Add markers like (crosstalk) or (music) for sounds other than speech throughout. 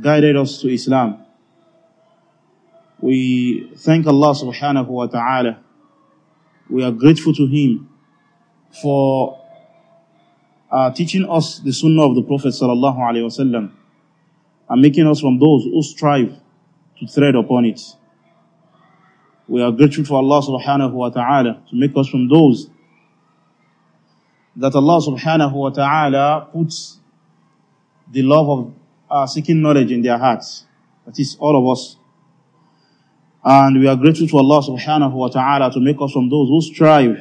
guided us to Islam. We thank Allah subhanahu wa ta'ala. We are grateful to Him for uh, teaching us the sunnah of the Prophet sallallahu alayhi wasallam and making us from those who strive to tread upon it. We are grateful to Allah subhanahu wa ta'ala to make us from those that Allah subhanahu wa ta'ala puts the love of are seeking knowledge in their hearts. That is all of us. And we are grateful to Allah subhanahu wa ta'ala to make us from those who strive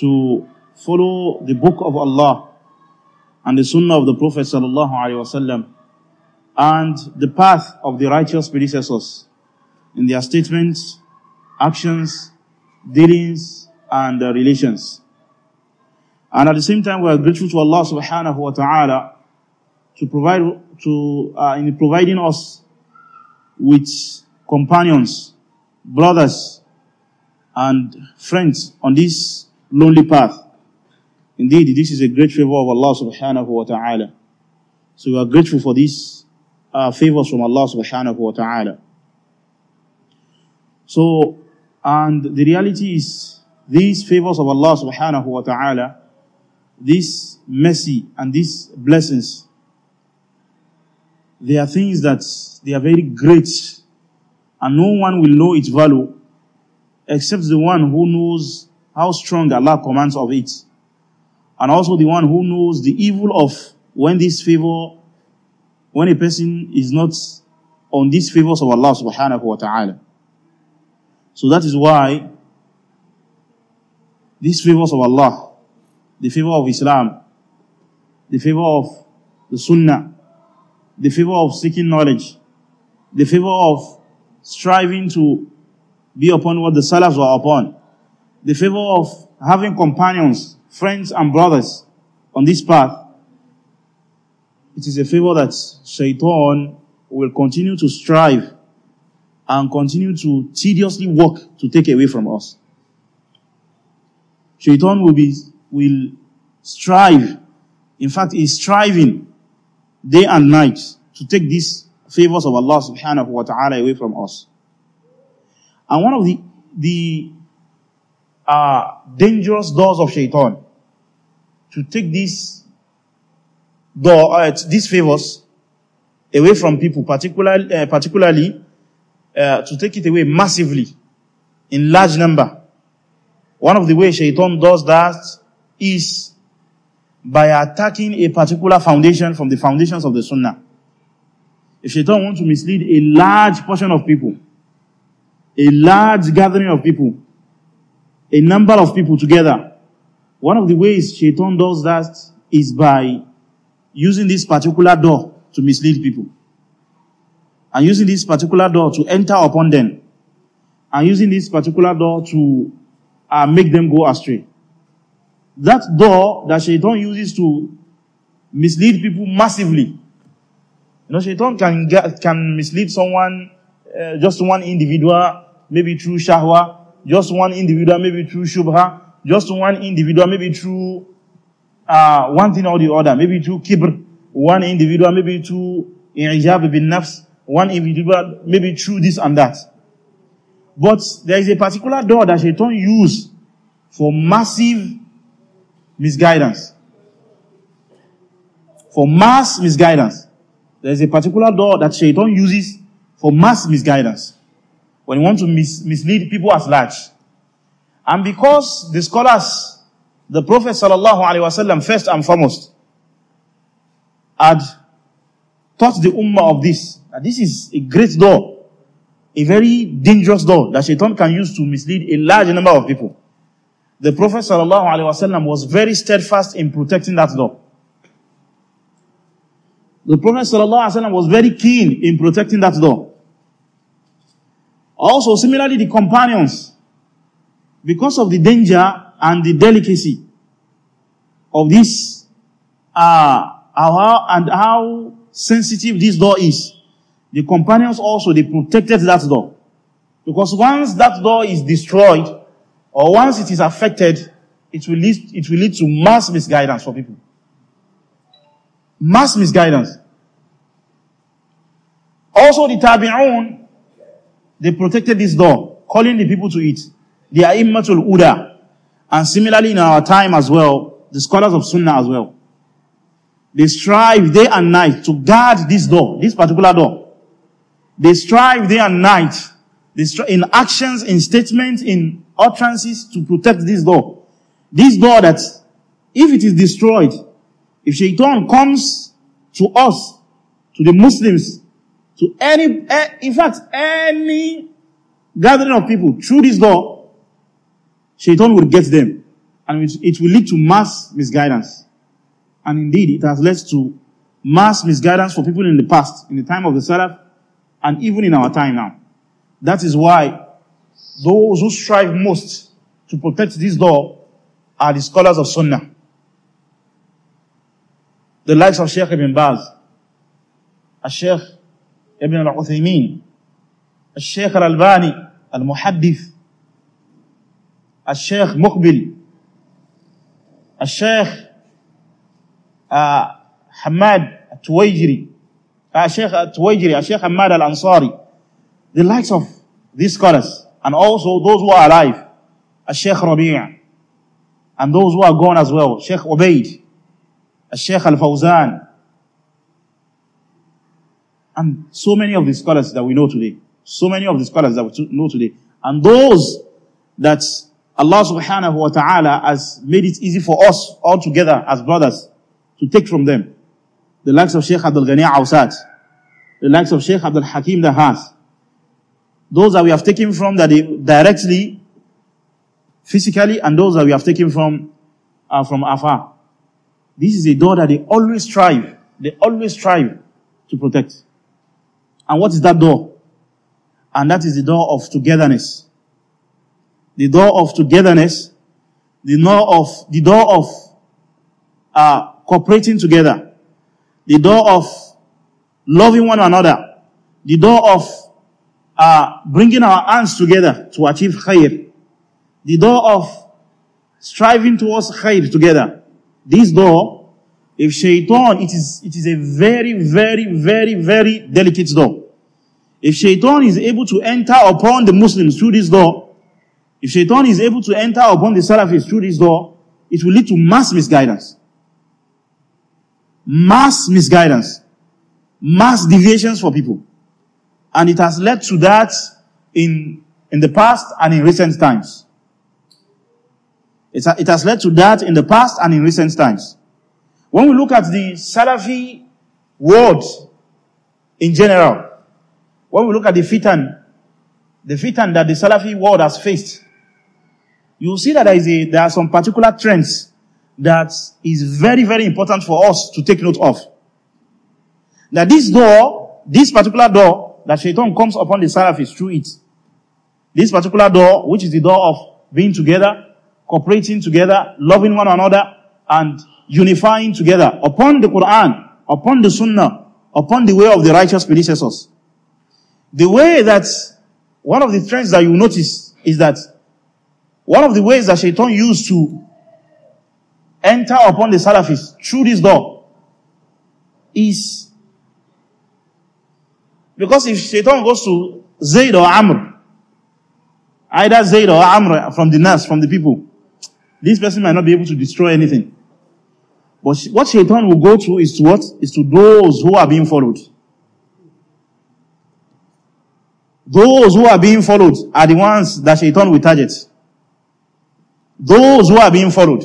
to follow the book of Allah and the sunnah of the Prophet sallallahu alaihi wasallam and the path of the righteous predecessors in their statements, actions, dealings, and uh, relations. And at the same time, we are grateful to Allah subhanahu wa ta'ala to provide to uh, in providing us with companions, brothers, and friends on this lonely path. Indeed, this is a great favor of Allah subhanahu wa ta'ala. So we are grateful for these uh, favors from Allah subhanahu wa ta'ala. So, and the reality is, these favors of Allah subhanahu wa ta'ala, this mercy and these blessings there are things that they are very great and no one will know its value except the one who knows how strong Allah commands of it. And also the one who knows the evil of when this favor, when a person is not on these favors of Allah subhanahu wa ta'ala. So that is why these favors of Allah, the favor of Islam, the favor of the Sunnah, the favor of seeking knowledge, the favor of striving to be upon what the Salafs were upon, the favor of having companions, friends and brothers on this path. It is a favor that Shaitan will continue to strive and continue to tediously work to take away from us. Shaitan will be, will strive. In fact, is striving day and night to take these favors of Allah subhanahu wa ta'ala away from us. And one of the, the uh, dangerous doors of shaitan to take these door, uh, these favors away from people, uh, particularly, uh, particularly to take it away massively in large number. One of the ways shaitan does that is by attacking a particular foundation from the foundations of the Sunnah. If Shaitan wants to mislead a large portion of people, a large gathering of people, a number of people together, one of the ways Shaitan does that is by using this particular door to mislead people. And using this particular door to enter upon them. And using this particular door to uh, make them go astray that door that shaitan uses to mislead people massively. You know, shaitan can, get, can mislead someone, uh, just one individual, maybe through shahwa, just one individual, maybe through shubha, just one individual, maybe through uh, one thing or the other, maybe through kibr, one individual, maybe through ijab bin nafs, one individual, maybe through this and that. But there is a particular door that Shaitan used for massive misguidance. For mass misguidance, there's a particular door that Shaitan uses for mass misguidance. When he wants to mis- mislead people at large. And because the scholars, the Prophet sallallahu alaihi wasallam, first and foremost, had taught the ummah of this. That this is a great door, a very dangerous door that Shaitan can use to mislead a large number of people the Prophet ﷺ was very steadfast in protecting that door. The Prophet ﷺ was very keen in protecting that door. Also, similarly, the companions, because of the danger and the delicacy of this, uh, how, and how sensitive this door is, the companions also, they protected that door. Because once that door is destroyed, or once it is affected, it will lead, it will lead to mass misguidance for people. Mass misguidance. Also the Tabi'un, they protected this door, calling the people to it. They are immatul Uda. And similarly in our time as well, the scholars of Sunnah as well. They strive day and night to guard this door, this particular door. They strive day and night. They stri- in actions, in statements, in utterances to protect this door. This door that if it is destroyed, if shaitan comes to us, to the Muslims, to any, eh, in fact, any gathering of people through this door, shaitan will get them. And it will lead to mass misguidance. And indeed, it has led to mass misguidance for people in the past, in the time of the Salaf, and even in our time now. That is why those who strive most to protect this door are the scholars of Sunnah. The likes of Sheikh Ibn Baz, Sheikh Ibn Al-Uthaymeen, Sheikh Al-Albani, Al-Muhaddith, Sheikh Muqbil, Sheikh uh, Hamad Al-Tuwajiri, Sheikh Al-Tuwajiri, Sheikh Hamad Al-Ansari, the likes of these scholars and also those who are alive, Sheikh Rabi'a, and those who are gone as well, Sheikh Ubaid, Sheikh Al-Fawzan, and so many of the scholars that we know today, so many of the scholars that we know today, and those that Allah subhanahu wa ta'ala has made it easy for us all together as brothers to take from them. The likes of Sheikh Abdul Ghani Awsat, the likes of Sheikh Abdul Hakim Dahas, those that we have taken from that they directly, physically, and those that we have taken from, uh, from afar. This is a door that they always strive, they always strive to protect. And what is that door? And that is the door of togetherness. The door of togetherness, the door of, the door of, uh, cooperating together, the door of loving one another, the door of uh, bringing our hands together to achieve khair. The door of striving towards khair together. This door, if shaitan, it is, it is a very, very, very, very delicate door. If shaitan is able to enter upon the Muslims through this door, if shaitan is able to enter upon the Salafis through this door, it will lead to mass misguidance. Mass misguidance. Mass deviations for people. And it has led to that in, in the past and in recent times. It, it has led to that in the past and in recent times. When we look at the Salafi world in general, when we look at the fitan, the fitan that the Salafi world has faced, you see that there, is a, there are some particular trends that is very, very important for us to take note of. That this door, this particular door, that shaitan comes upon the Salafis through it. This particular door, which is the door of being together, cooperating together, loving one another, and unifying together upon the Quran, upon the Sunnah, upon the way of the righteous predecessors. The way that, one of the trends that you notice is that one of the ways that shaitan used to enter upon the Salafis through this door is because if shaitan goes to Zayd or Amr, either Zayd or Amr from the Nas, from the people, this person might not be able to destroy anything. But what shaitan will go to is to what? Is to those who are being followed. Those who are being followed are the ones that shaitan will target. Those who are being followed.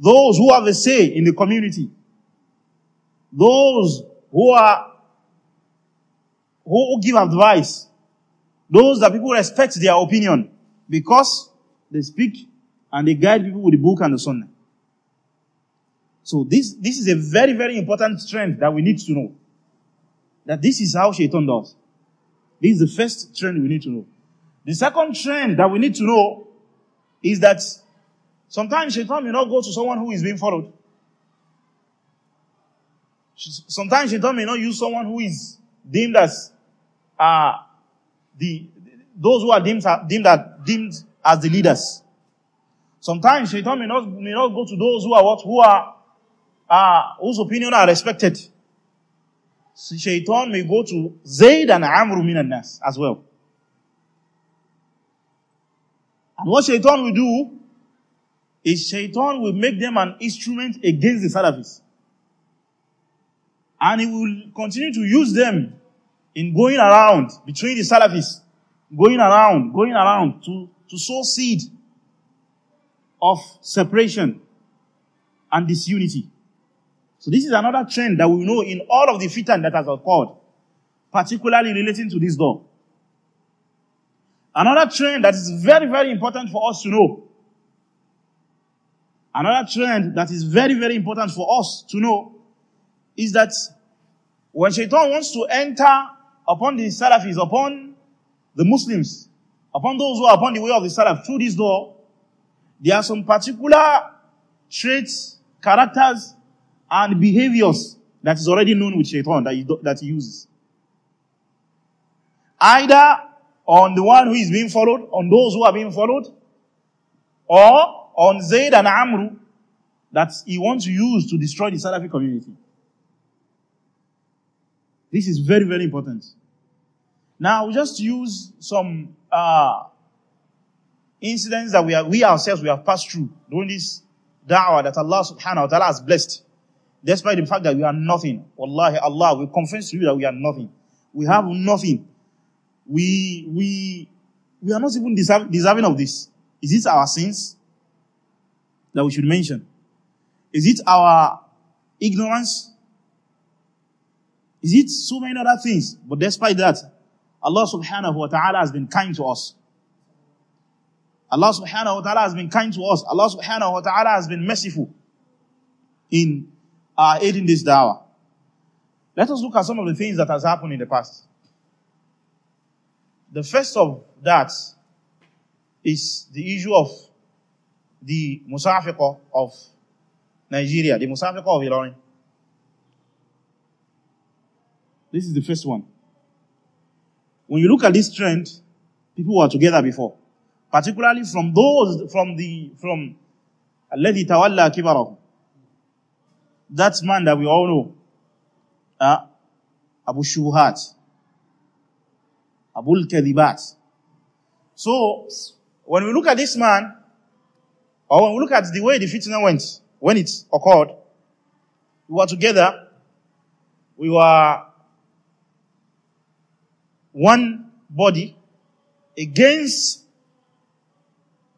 Those who have a say in the community. Those who are who give advice, those that people respect their opinion because they speak and they guide people with the book and the sunnah. So this, this is a very, very important trend that we need to know. That this is how shaitan does. This is the first trend we need to know. The second trend that we need to know is that sometimes shaitan may not go to someone who is being followed. Sometimes shaitan may not use someone who is deemed as are the those who are deemed, deemed, deemed as the leaders. Sometimes Shaitan may not, may not go to those who are what, who are, uh, whose opinion are respected. Shaitan may go to Zayd and Amr min nas as well. And what Shaitan will do is Shaitan will make them an instrument against the Salafis. And he will continue to use them in going around between the Salafis, going around, going around to, to sow seed of separation and disunity. So this is another trend that we know in all of the fitan that has occurred, particularly relating to this door. Another trend that is very, very important for us to know. Another trend that is very, very important for us to know is that when shaitan wants to enter upon the Salafis, upon the Muslims, upon those who are upon the way of the Salaf through this door, there are some particular traits, characters, and behaviors that is already known with shaitan that he, that he uses. Either on the one who is being followed, on those who are being followed, or on Zayd and Amru that he wants to use to destroy the Salafi community. This is very, very important. Now, we will just use some uh, incidents that we, are, we ourselves we have passed through during this da'wah that Allah subhanahu wa ta'ala has blessed. Despite the fact that we are nothing. Wallahi, Allah will confess to you that we are nothing. We have nothing. We, we, we are not even deserve, deserving of this. Is it our sins that we should mention? Is it our ignorance? Is it so many other things? But despite that, Allah subhanahu wa ta'ala has been kind to us. Allah subhanahu wa ta'ala has been kind to us. Allah subhanahu wa ta'ala has been merciful in uh, aiding this dawah. Let us look at some of the things that has happened in the past. The first of that is the issue of the Musafiqah of Nigeria, the Musafiqah of Ilorin. This is the first one. When you look at this trend, people were together before. Particularly from those, from the, from الَّذِي تَوَلَّى كِبَرَهُ That man that we all know, uh, Abu Shuhat, Abu al-Kadhibat. So, when we look at this man, or when we look at the way the fitna went, when it occurred, we were together, we were one body against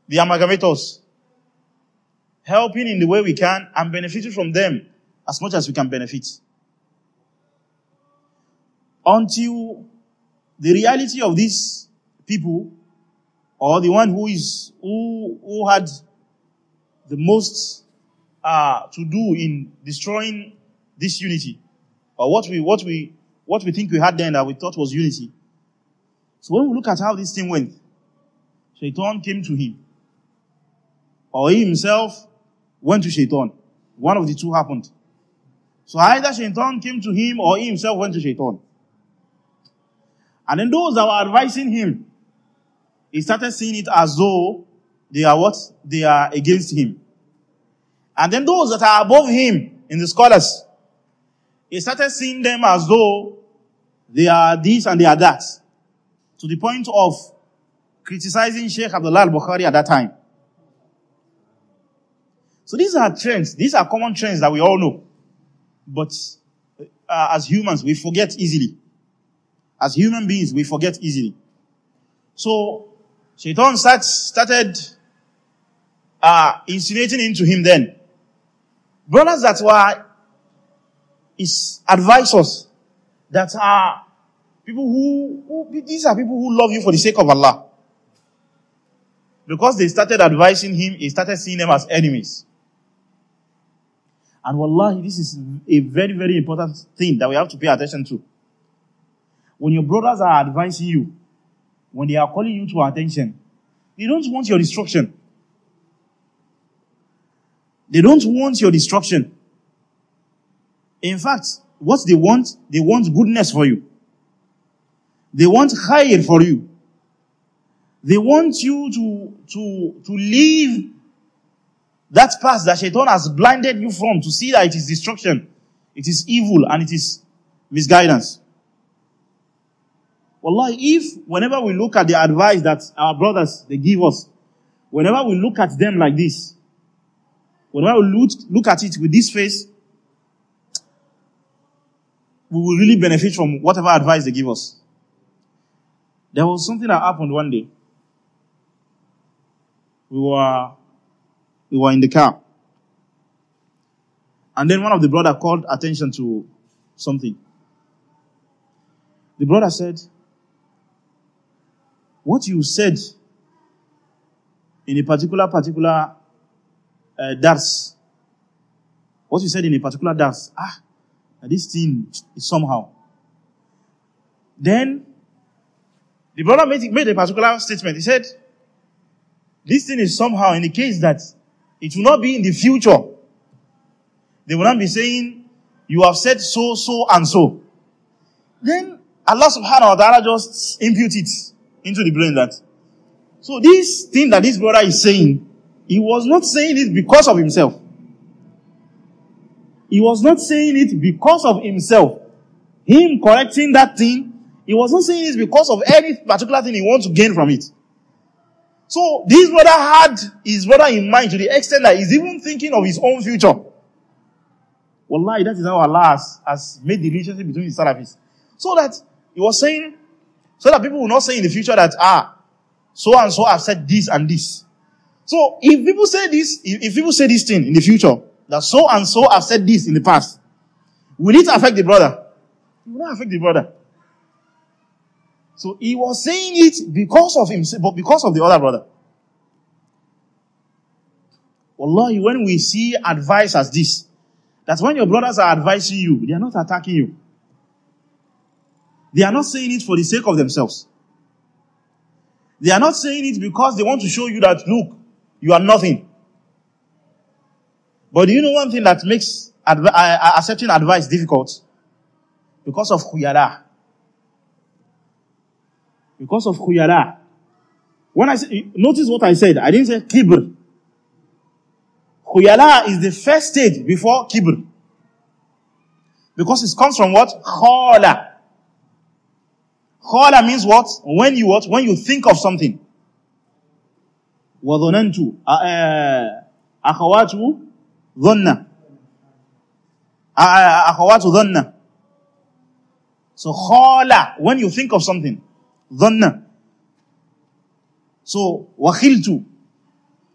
the amalgamators, helping in the way we can and benefiting from them as much as we can benefit. Until the reality of these people or the one who is, who, who had the most uh, to do in destroying this unity or what we, what we, what we think we had then that we thought was unity so when we look at how this thing went, Shaitan came to him. Or he himself went to Shaitan. One of the two happened. So either Shaitan came to him or he himself went to Shaitan. And then those that were advising him, he started seeing it as though they are what? They are against him. And then those that are above him in the scholars, he started seeing them as though they are this and they are that to the point of criticizing Sheikh Abdullah al-Bukhari at that time. So these are trends. These are common trends that we all know. But uh, uh as humans, we forget easily. As human beings, we forget easily. So Shaitan start, started uh, insinuating into him then. Brothers, that's why is advise us that are People who, who, these are people who love you for the sake of Allah. Because they started advising him, he started seeing them as enemies. And wallahi, this is a very, very important thing that we have to pay attention to. When your brothers are advising you, when they are calling you to attention, they don't want your destruction. They don't want your destruction. In fact, what they want, they want goodness for you. They want khair for you. They want you to, to, to leave that path that shaitan has blinded you from to see that it is destruction, it is evil, and it is misguidance. Wallahi, if whenever we look at the advice that our brothers, they give us, whenever we look at them like this, whenever we look, look at it with this face, we will really benefit from whatever advice they give us. There was something that happened one day. We were, we were in the car. And then one of the brother called attention to something. The brother said, what you said in a particular, particular uh, dars, what you said in a particular dars, ah, this thing is somehow. Then the brother made, made a particular statement. He said, this thing is somehow indicates that it will not be in the future. They will not be saying, you have said so, so, and so. Then Allah subhanahu wa ta'ala just impute it into the brain that. So this thing that this brother is saying, he was not saying it because of himself. He was not saying it because of himself. Him correcting that thing he wasn't saying this because of any particular thing he wants to gain from it. So this brother had his brother in mind to the extent that he's even thinking of his own future. Wallahi, that is how Allah has, made the relationship between the Salafis. So that he was saying, so that people will not say in the future that, ah, so and so have said this and this. So if people say this, if, if people say this thing in the future, that so and so have said this in the past, will it affect the brother? It will not affect the brother. So he was saying it because of himself, but because of the other brother. Wallahi, when we see advice as this, that when your brothers are advising you, they are not attacking you. They are not saying it for the sake of themselves. They are not saying it because they want to show you that, look, you are nothing. But do you know one thing that makes adv- uh, uh, accepting advice difficult? Because of khuyara. Because of khuyala. When I say, notice what I said. I didn't say kibr. Khuyala is the first stage before kibr. Because it comes from what? Khala. Khala means what? When you what? When you think of something. وَظَنَنْتُ أَخَوَاتُ ظَنَّ أَخَوَاتُ ظَنَّ So khala, when you think of something. ظن so وخلت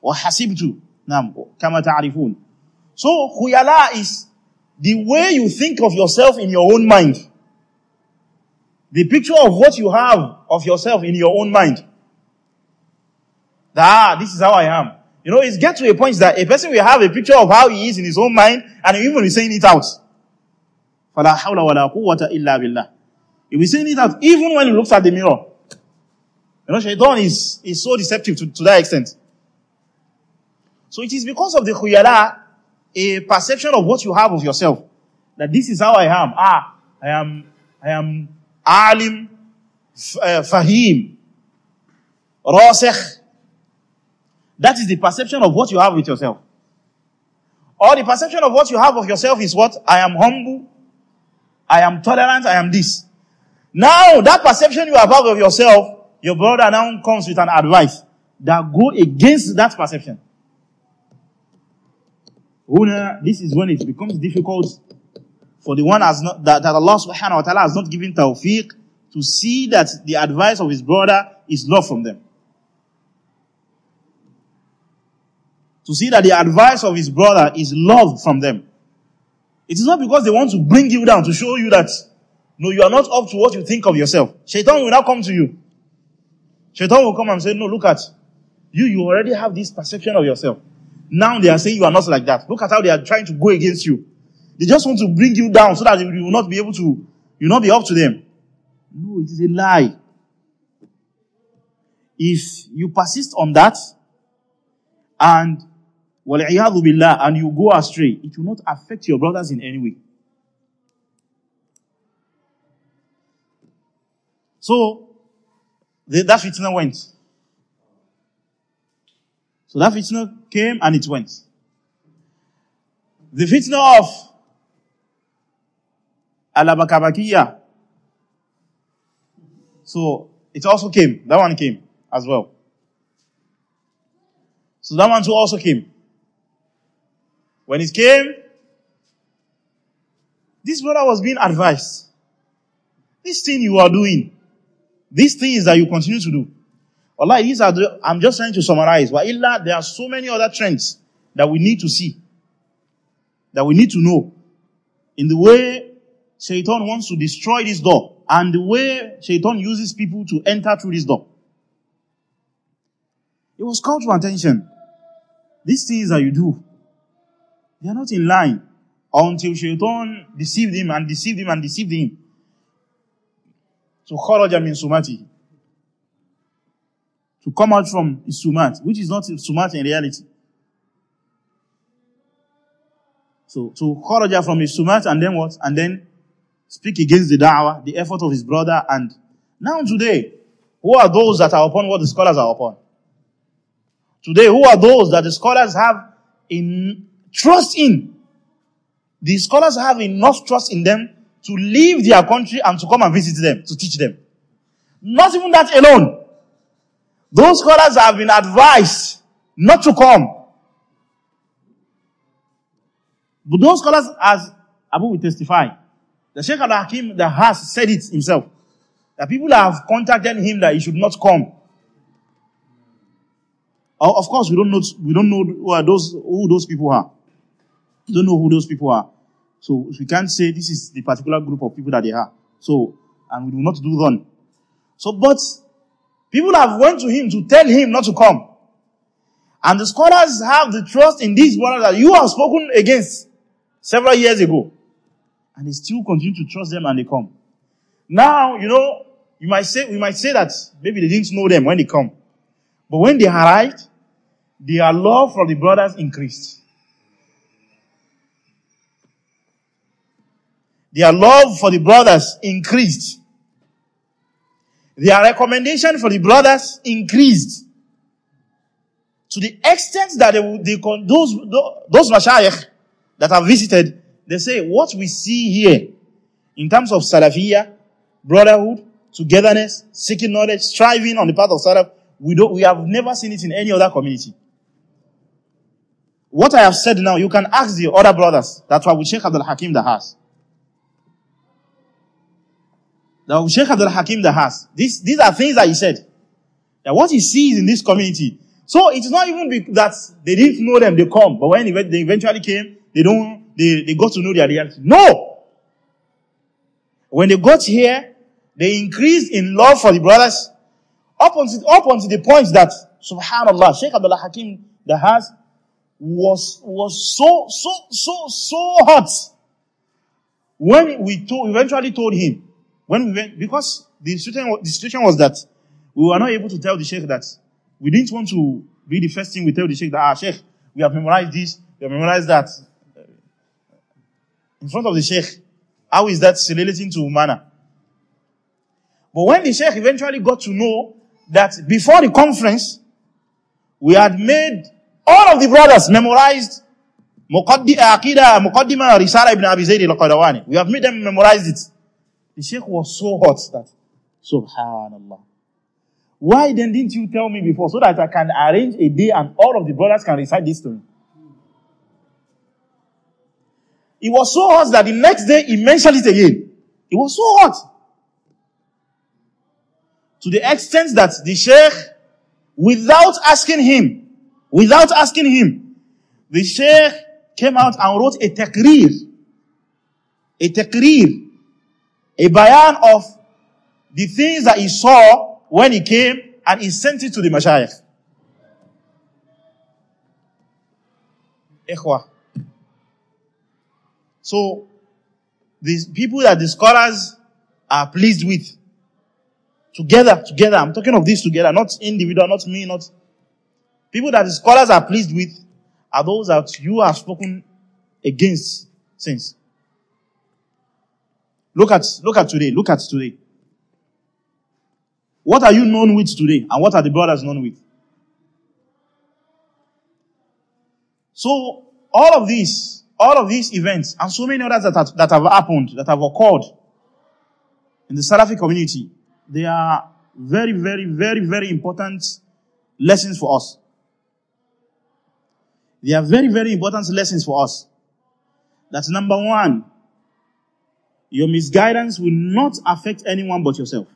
وحسبت نعم كما تعرفون so خيالا is the way you think of yourself in your own mind the picture of what you have of yourself in your own mind ah this is how I am you know it gets to a point that a person will have a picture of how he is in his own mind and even is saying it out فلا حول ولا قوة إلا بالله he will saying it out even when he looks at the mirror you know, shaitan is, is so deceptive to, to that extent. So it is because of the khuyala, a perception of what you have of yourself, that this is how I am. Ah, I am, I am alim, eh, fahim, rasikh. That is the perception of what you have with yourself. Or the perception of what you have of yourself is what? I am humble, I am tolerant, I am this. Now, that perception you have of yourself your brother now comes with an advice that go against that perception. This is when it becomes difficult for the one has not, that, that Allah subhanahu wa ta'ala has not given tawfiq to see that the advice of his brother is love from them. To see that the advice of his brother is love from them. It is not because they want to bring you down to show you that no, you are not up to what you think of yourself. Shaitan will now come to you. Shaitan will come and say, no, look at you. You already have this perception of yourself. Now they are saying you are not like that. Look at how they are trying to go against you. They just want to bring you down so that you will not be able to, you will not be up to them. No, it is a lie. If you persist on that and billah, and you go astray, it will not affect your brothers in any way. So they, that fitna went. So that fitna came and it went. The fitna of Alabakabakiya. So it also came. That one came as well. So that one too also came. When it came, this brother was being advised. This thing you are doing, these things that you continue to do. Allah, these are the, I'm just trying to summarize. But illa, there are so many other trends that we need to see, that we need to know. In the way Shaitan wants to destroy this door, and the way Shaitan uses people to enter through this door. It was called to attention. These things that you do, they are not in line until Shaitan deceived him and deceived him and deceived him. To kharaja min sumati. To come out from sumat, which is not sumat in reality. So to kharaja from his sumat and then what? And then speak against the da'wah, the effort of his brother and now today, who are those that are upon what the scholars are upon? Today, who are those that the scholars have in trust in? The scholars have enough trust in them to leave their country and to come and visit them, to teach them. Not even that alone. Those scholars have been advised not to come. But those scholars, as Abu will testify, the Sheikh al-Hakim that has said it himself, that people have contacted him that he should not come. Of course, we don't know, we don't know who those, who those people are. We don't know who those people are. So we can't say this is the particular group of people that they are. So, and we do not do run. So, but people have went to him to tell him not to come. And the scholars have the trust in these brothers that you have spoken against several years ago. And they still continue to trust them and they come. Now, you know, you might say, we might say that maybe they didn't know them when they come. But when they arrived, their love for the brothers increased. Their love for the brothers increased. Their recommendation for the brothers increased. To the extent that they, they those, those mashayikh that have visited, they say what we see here in terms of Salafiyah, brotherhood, togetherness, seeking knowledge, striving on the path of Salaf, we don't, we have never seen it in any other community. What I have said now, you can ask the other brothers. That's why we Sheikh Abdul Hakim that has. Now, Sheikh Abdul Hakim the has. These, these are things that he said. That what he sees in this community. So it's not even that they didn't know them, they come. But when they eventually came, they don't, they, they got to know their reality. No! When they got here, they increased in love for the brothers up until, up until the point that, subhanAllah, Sheikh Abdul Hakim the has was, was so, so, so, so hot. When we told, eventually told him when we went, because the situation, the situation was that we were not able to tell the sheikh that we didn't want to be the first thing we tell the sheikh that, ah, sheikh, we have memorized this, we have memorized that. In front of the sheikh, how is that relating to manner? But when the sheikh eventually got to know that before the conference, we had made all of the brothers memorized Muqaddimah Risala ibn Abi Zayd al We have made them memorize it. The sheikh was so hot that, subhanallah. Why then didn't you tell me before so that I can arrange a day and all of the brothers can recite this to me? It was so hot that the next day he mentioned it again. It was so hot. To the extent that the sheikh, without asking him, without asking him, the sheikh came out and wrote a takrir. A takrir a bayan of the things that he saw when he came and he sent it to the Mashiach. Ikhwa. So, these people that the scholars are pleased with, together, together, I'm talking of this together, not individual, not me, not, people that the scholars are pleased with are those that you have spoken against since. Look at, look at today. Look at today. What are you known with today? And what are the brothers known with? So, all of these, all of these events, and so many others that, have, that have happened, that have occurred in the Salafi community, they are very, very, very, very important lessons for us. They are very, very important lessons for us. That's number one. Your misguidance will not affect anyone but yourself.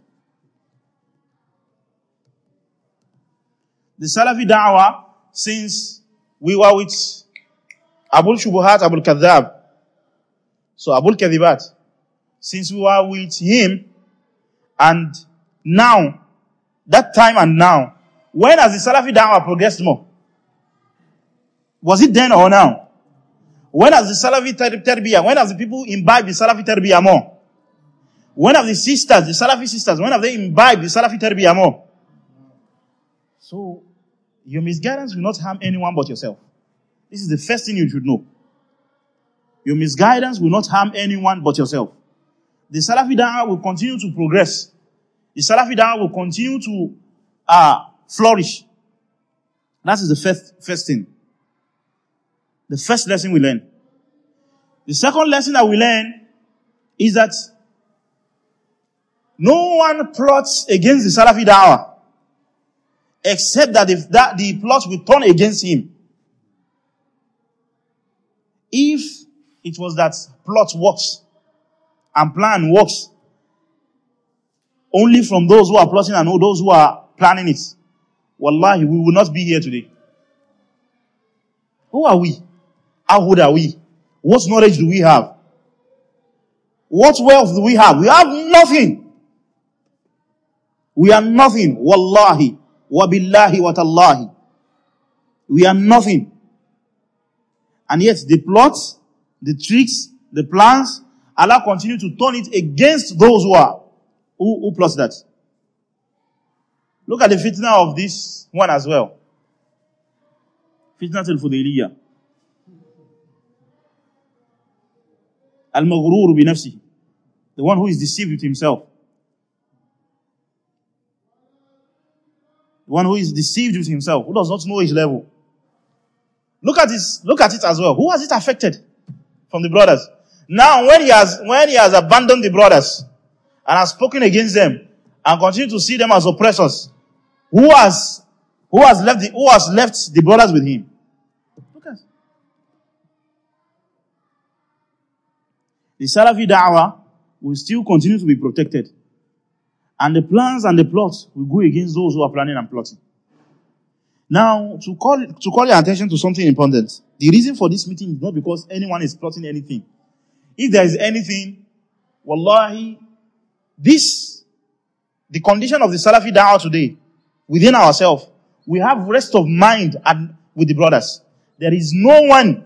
The Salafi da'wah, since we were with Abul Shubuhat, Abul Kadhab, so Abul Kadhibat, since we were with him, and now, that time and now, when has the Salafi da'wah progressed more? Was it then or now? When has the Salafi terbiya? when have the people imbibed the Salafi terbiya more? When have the sisters, the Salafi sisters, when have they imbibed the Salafi terbiya more? So, your misguidance will not harm anyone but yourself. This is the first thing you should know. Your misguidance will not harm anyone but yourself. The Salafi Da'wah will continue to progress. The Salafi Da'wah will continue to uh, flourish. That is the first, first thing. The first lesson we learn. The second lesson that we learn is that no one plots against the Salafi da'wah except that if that the plot will turn against him. If it was that plot works and plan works only from those who are plotting and all those who are planning it, wallahi, we will not be here today. Who are we? How old are we? What knowledge do we have? What wealth do we have? We have nothing. We are nothing. Wallahi. Wabillahi watallahi. We are nothing. And yet the plots, the tricks, the plans, Allah continue to turn it against those who are, who, who plots that. Look at the fitna of this one as well. Fitna al-Fudayliyah. Al-maghrur The one who is deceived with himself. The one who is deceived with himself, who does not know his level. Look at this, look at it as well. Who has it affected from the brothers? Now, when he has, when he has abandoned the brothers and has spoken against them and continue to see them as oppressors, who has, who has left the, who has left the brothers with him? the Salafi da'wah will still continue to be protected. And the plans and the plots will go against those who are planning and plotting. Now, to call, to call your attention to something important. The reason for this meeting is not because anyone is plotting anything. If there is anything, wallahi, this, the condition of the Salafi da'wah today, within ourselves, we have rest of mind and with the brothers. There is no one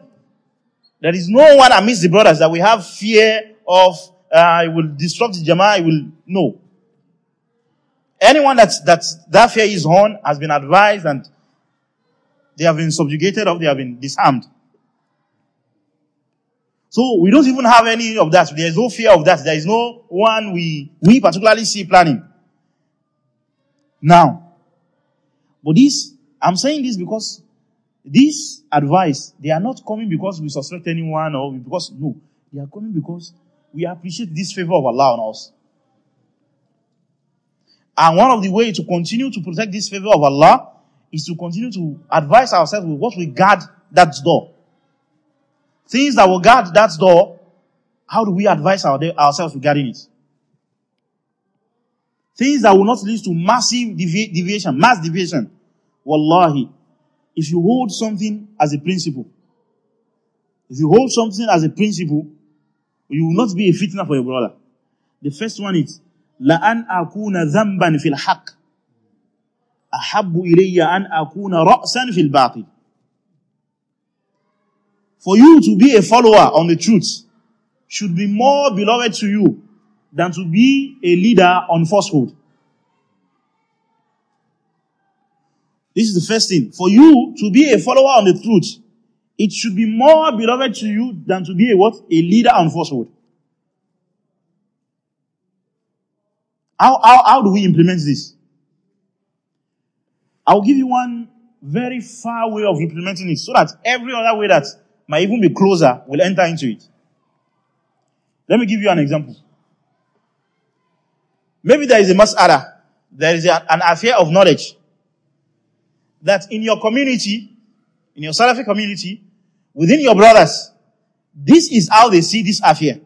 there is no one amidst the brothers that we have fear of, uh, it will disrupt the Jama'ah, it will, no. Anyone that's, that's, that fear is on has been advised and they have been subjugated or they have been disarmed. So we don't even have any of that. There is no fear of that. There is no one we, we particularly see planning. Now, but this, I'm saying this because this advice, they are not coming because we suspect anyone or because, no. They are coming because we appreciate this favor of Allah on us. And one of the ways to continue to protect this favor of Allah is to continue to advise ourselves with what we guard that door. Things that will guard that door, how do we advise our, ourselves regarding it? Things that will not lead to massive devi- deviation, mass deviation. Wallahi, if you hold something as a principle, if you hold something as a principle, you will not be a fitna for your brother. The first one is, لَأَنْ أَكُونَ ذَنْبًا فِي الْحَقِّ أَحَبُّ إِلَيَّ أَنْ أَكُونَ رَأْسًا فِي الْبَاطِلِ For you to be a follower on the truth should be more beloved to you than to be a leader on falsehood. This is the first thing. For you to be a follower on the truth, it should be more beloved to you than to be a what? A leader on falsehood. How, how, how do we implement this? I'll give you one very far way of implementing it so that every other way that might even be closer will enter into it. Let me give you an example. Maybe there is a mas'ala. There is an affair of knowledge that in your community, in your Salafi community, within your brothers, this is how they see this affair.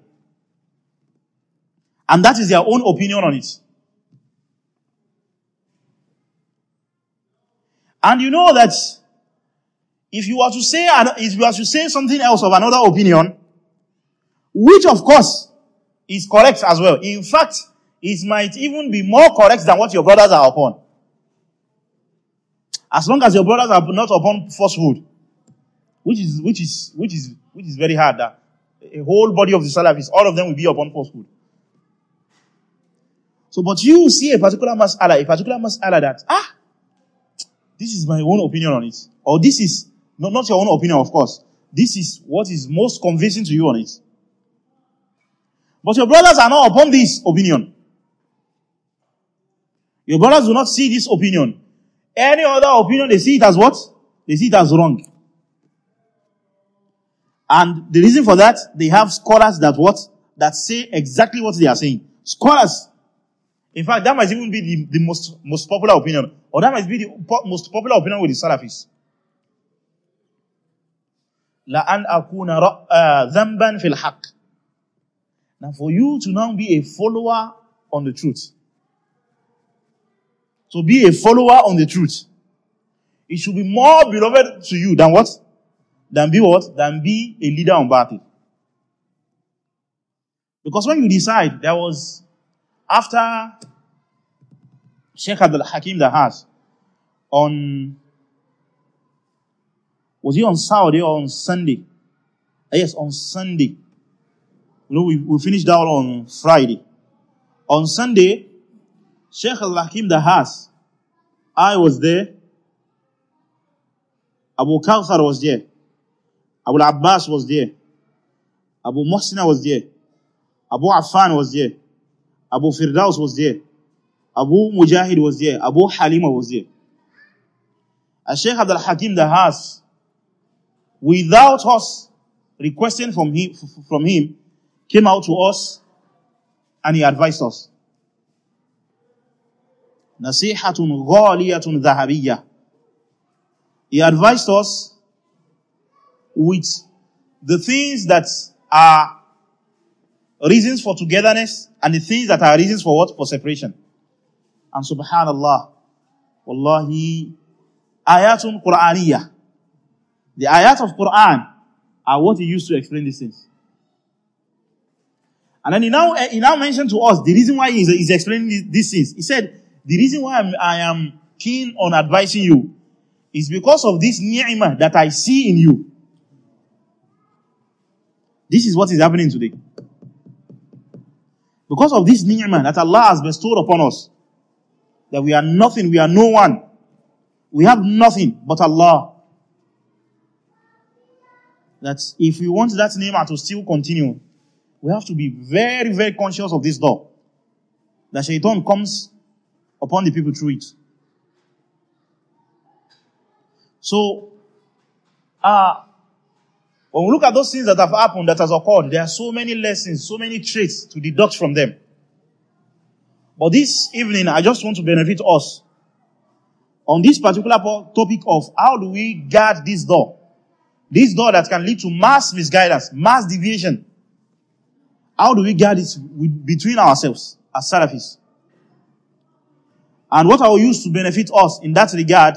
And that is their own opinion on it. And you know that if you were to say, if you were to say something else of another opinion, which of course is correct as well. In fact, it might even be more correct than what your brothers are upon. As long as your brothers are not upon falsehood, which is, which is, which is, which is very hard, that a whole body of the Salafis, all of them will be upon falsehood. So, but you see a particular mas'ala, a particular mas'ala that, ah, this is my own opinion on it. Or this is, not, not your own opinion, of course. This is what is most convincing to you on it. But your brothers are not upon this opinion. Your brothers do not see this opinion. Any other opinion, they see it as what? They see it as wrong. And the reason for that, they have scholars that what? That say exactly what they are saying. Scholars. In fact, that might even be the, the most, most popular opinion. Or that might be the po- most popular opinion with the Salafis. Uh, now for you to now be a follower on the truth. To be a follower on the truth. It should be more beloved to you than what? Than be what? Than be a leader on battle. Because when you decide, there was, after Sheikh Abdul Hakim has on, was he on Saturday or on Sunday? Uh, yes, on Sunday. You know, we, we finished that on Friday. On Sunday, Sheikh Al-Hakim Dahas, I was there, Abu Kawthar was there, Abu Abbas was there, Abu Muhsina was there, Abu Affan was there, Abu Firdaus was there, Abu Mujahid was there, Abu Halima was there. And Sheikh Abdul Hakim Dahas, without us requesting from him, from him, came out to us and he advised us. Nasihatun ghaliyatun dhahabiyya. He advised us with the things that are reasons for togetherness and the things that are reasons for what? For separation. And subhanallah, wallahi, ayatun Qur'aniyah. The ayat of Qur'an are what he used to explain these things. And then he now, he now mentioned to us the reason why he's, he's explaining these things. He said, the reason why I'm, I am keen on advising you is because of this ni'mah that I see in you. This is what is happening today. Because of this ni'mah that Allah has bestowed upon us, that we are nothing, we are no one. We have nothing but Allah. That if we want that ni'mah to still continue, we have to be very, very conscious of this door. That shaitan comes upon the people through it. So, uh, when we look at those things that have happened, that has occurred, there are so many lessons, so many traits to deduct from them. But this evening, I just want to benefit us on this particular topic of how do we guard this door? This door that can lead to mass misguidance, mass deviation. How do we guard it between ourselves as Salafis? And what I will use to benefit us in that regard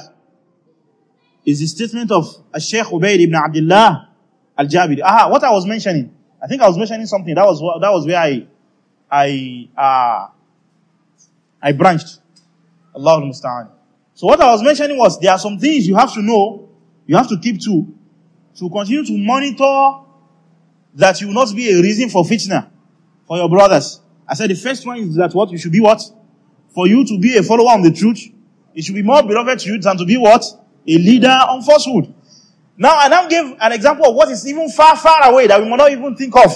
is the statement of Sheikh Ubaid ibn Abdullah al-Jabiri. Ah, what I was mentioning. I think I was mentioning something. That was, that was where I, I, uh, I branched. Allah al-Musta'an. So what I was mentioning was there are some things you have to know, you have to keep to, to continue to monitor that you will not be a reason for fitna for your brothers. I said the first one is that what you should be what? for you to be a follower on the truth, it should be more beloved to you than to be what? A leader on falsehood. Now, I now give an example of what is even far, far away that we might not even think of.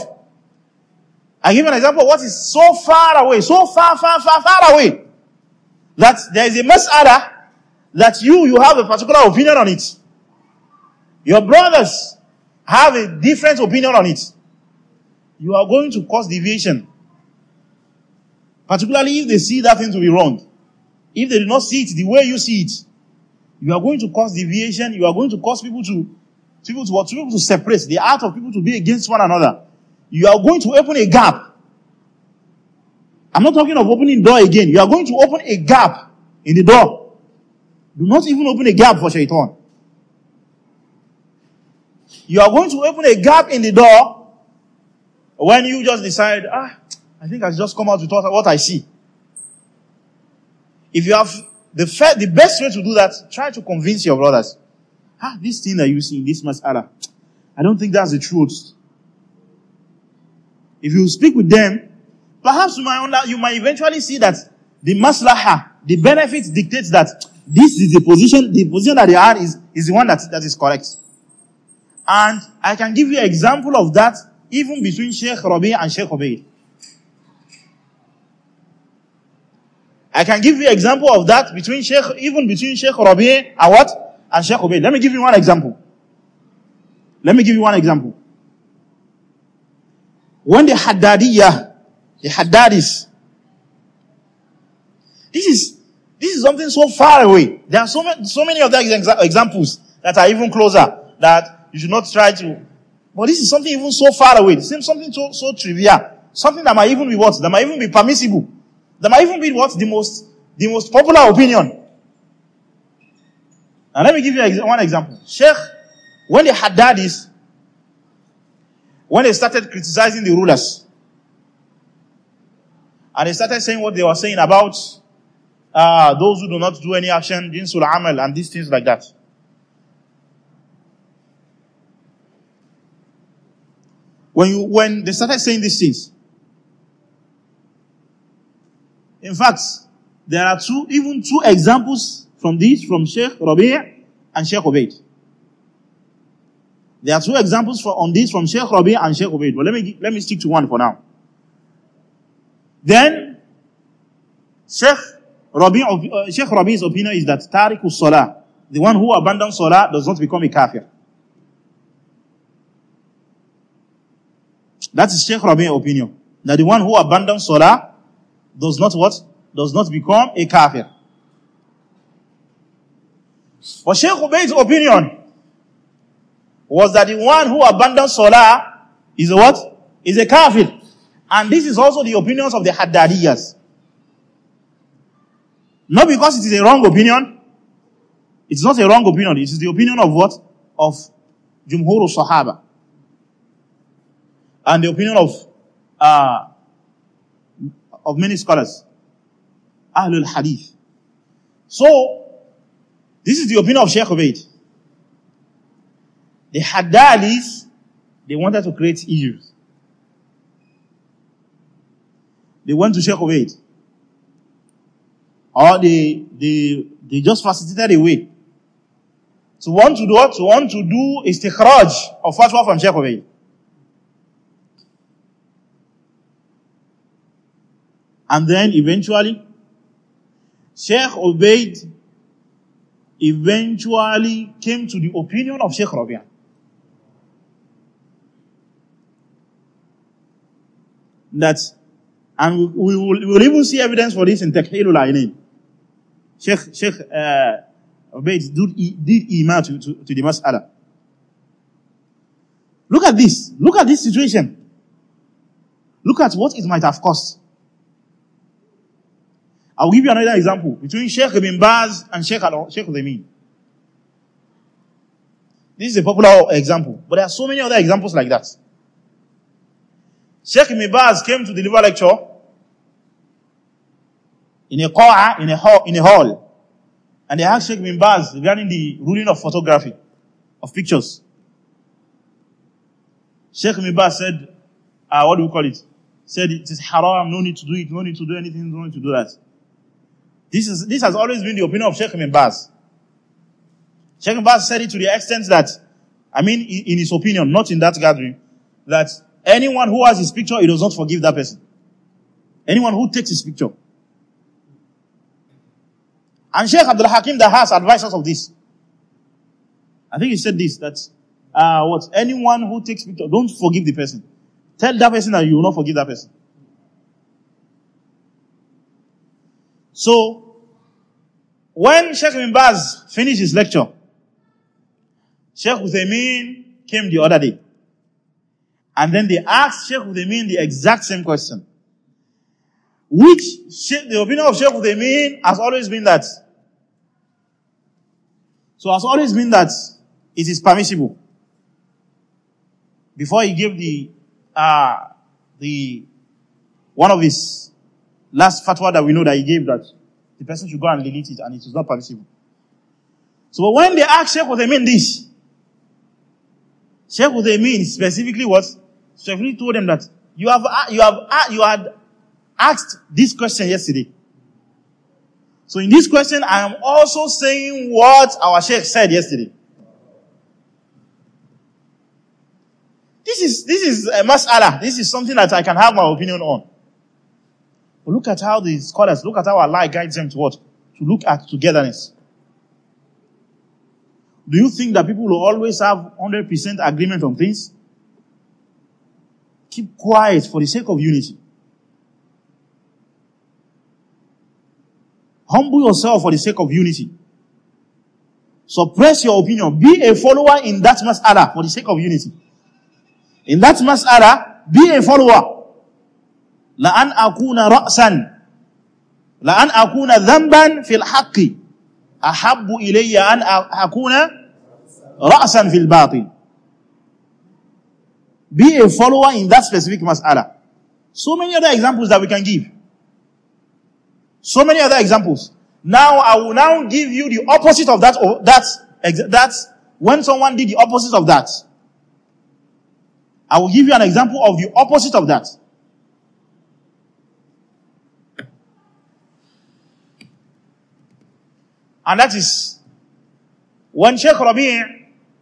I give an example of what is so far away, so far, far, far, far away that there is a masada that you, you have a particular opinion on it. Your brothers have a different opinion on it. You are going to cause deviation. Particularly if they see that thing to be wrong. If they do not see it the way you see it, you are going to cause deviation. You are going to cause people to, to people to what? To people to separate. The art of people to be against one another. You are going to open a gap. I'm not talking of opening door again. You are going to open a gap in the door. Do not even open a gap for shaitan. You are going to open a gap in the door when you just decide, ah, I think I just come out with what, what I see. If you have the the best way to do that, try to convince your brothers. Ah, this thing that you see in this masala, ah, I don't think that's the truth. If you speak with them, perhaps you might, you might eventually see that the maslaha, the benefits dictates that this is the position, the position that they are is, is the one that, that is correct. And I can give you an example of that even between Sheikh Rabi and Sheikh Obeid. I can give you example of that between Sheikh, even between Sheikh Rabi and what? And Sheikh Ubaid. Let me give you one example. Let me give you one example. When the Haddadiyah, the Haddadis, this is, this is something so far away. There are so many, so many of the exa- examples that are even closer that you should not try to, but this is something even so far away. It seems something so, so trivial. Something that might even be what? That might even be permissible. That might even be what's the most, the most popular opinion. And let me give you one example. Sheikh, when they had daddies, when they started criticizing the rulers, and they started saying what they were saying about uh, those who do not do any action, jinsul amal, and these things like that. When you when they started saying these things, In fact, there are two, even two examples from this, from Sheikh Rabi' and Sheikh Ubaid. There are two examples for, on this from Sheikh Rabi' and Sheikh Ubaid. But let me, let me stick to one for now. Then, Sheikh Rabi', uh, Sheikh Rabi's opinion is that Tariqus Salah, the one who abandons Salah does not become a kafir. That is Sheikh Rabi's opinion. That the one who abandons Salah does not what? Does not become a kafir. But Sheikh Ubaid's opinion was that the one who abandons Salah is a what? Is a kafir. And this is also the opinions of the Haddadiyas. Not because it is a wrong opinion. It's not a wrong opinion. It is the opinion of what? Of Jumhur Sahaba. And the opinion of uh, of many scholars. Ahlul Hadith. So, this is the opinion of Sheikh Ubaid. The Haddalis, they wanted to create issues. They went to Sheikh Ubaid. Or they, they, they just facilitated a way to want to do what? To want to do istikhraj of fatwa from Sheikh Ubaid. And then eventually, Sheikh Obeid eventually came to the opinion of Sheikh Rabia. That, and we will, we will even see evidence for this in Tekhilul Ainin. Sheikh, Sheikh, uh, did, did Ima to, to, to the Mas'ala. Look at this. Look at this situation. Look at what it might have cost. I'll give you another example between Sheikh Ibn Baz and Sheikh Al- Sheikh Uthaymeen. This is a popular example, but there are so many other examples like that. Sheikh Ibn Baz came to deliver a lecture in a qa'a, in a hall, in a hall. And they asked Sheikh Ibn Baz regarding the ruling of photography, of pictures. Sheikh Ibn Baz said, uh, what do we call it? Said it is haram, no need to do it, no need to do anything, no need to do that. This, is, this has always been the opinion of Sheikh Ibn Baz. Sheikh Ibn Baz said it to the extent that, I mean, in his opinion, not in that gathering, that anyone who has his picture, he does not forgive that person. Anyone who takes his picture. And Sheikh Abdul Hakim that has advised us of this. I think he said this, that, uh, what, anyone who takes picture, don't forgive the person. Tell that person that you will not forgive that person. So, when Sheikh Ibn finished his lecture, Sheikh Uthaymeen came the other day. And then they asked Sheikh Uthaymeen the exact same question. Which, the opinion of Sheikh Uthaymeen has always been that. So has always been that it is permissible. Before he gave the, uh, the, one of his last fatwa that we know that he gave that the person should go and delete it and it is not permissible. So when they ask Sheikh Uthaymeen this, Sheikh Uthaymeen specifically what? Specifically told them that you have, you have, you had asked this question yesterday. So in this question, I am also saying what our Sheikh said yesterday. This is, this is a mas'ala. This is something that I can have my opinion on. But look at how the scholars, look at how Allah guides them to what? To look at togetherness. Do you think that people will always have 100% agreement on things? Keep quiet for the sake of unity. Humble yourself for the sake of unity. Suppress your opinion. Be a follower in that mas'ala for the sake of unity. In that mas'ala, be a follower. لأن أكون رأسا لأن أكون ذنبا في الحق أحب إلي أن أكون رأسا في الباطل Be a follower in that specific mas'ala. So many other examples that we can give. So many other examples. Now I will now give you the opposite of that, that, that, when someone did the opposite of that. I will give you an example of the opposite of that. And that is when Sheikh Rabi'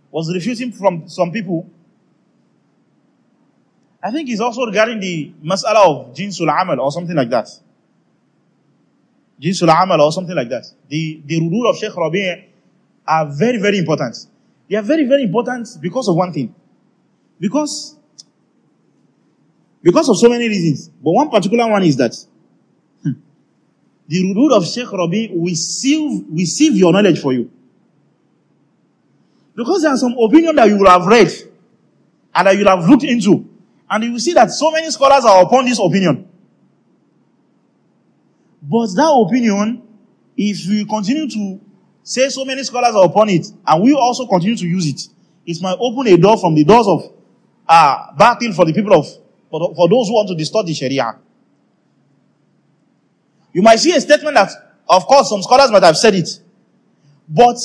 was refusing from some people, I think it's also regarding the mas'ala of jinsul amal or something like that. Jinsul amal or something like that. The, the rule of Sheikh Rabi' are very, very important. They are very, very important because of one thing. Because, because of so many reasons. But one particular one is that the rule of Sheikh Rabi will receive your knowledge for you. Because there are some opinion that you will have read and that you will have looked into. And you will see that so many scholars are upon this opinion. But that opinion, if we continue to say so many scholars are upon it, and we also continue to use it, it might open a door from the doors of uh, battle for the people of, for, the, for those who want to distort the Sharia. You might see a statement that, of course, some scholars might have said it. But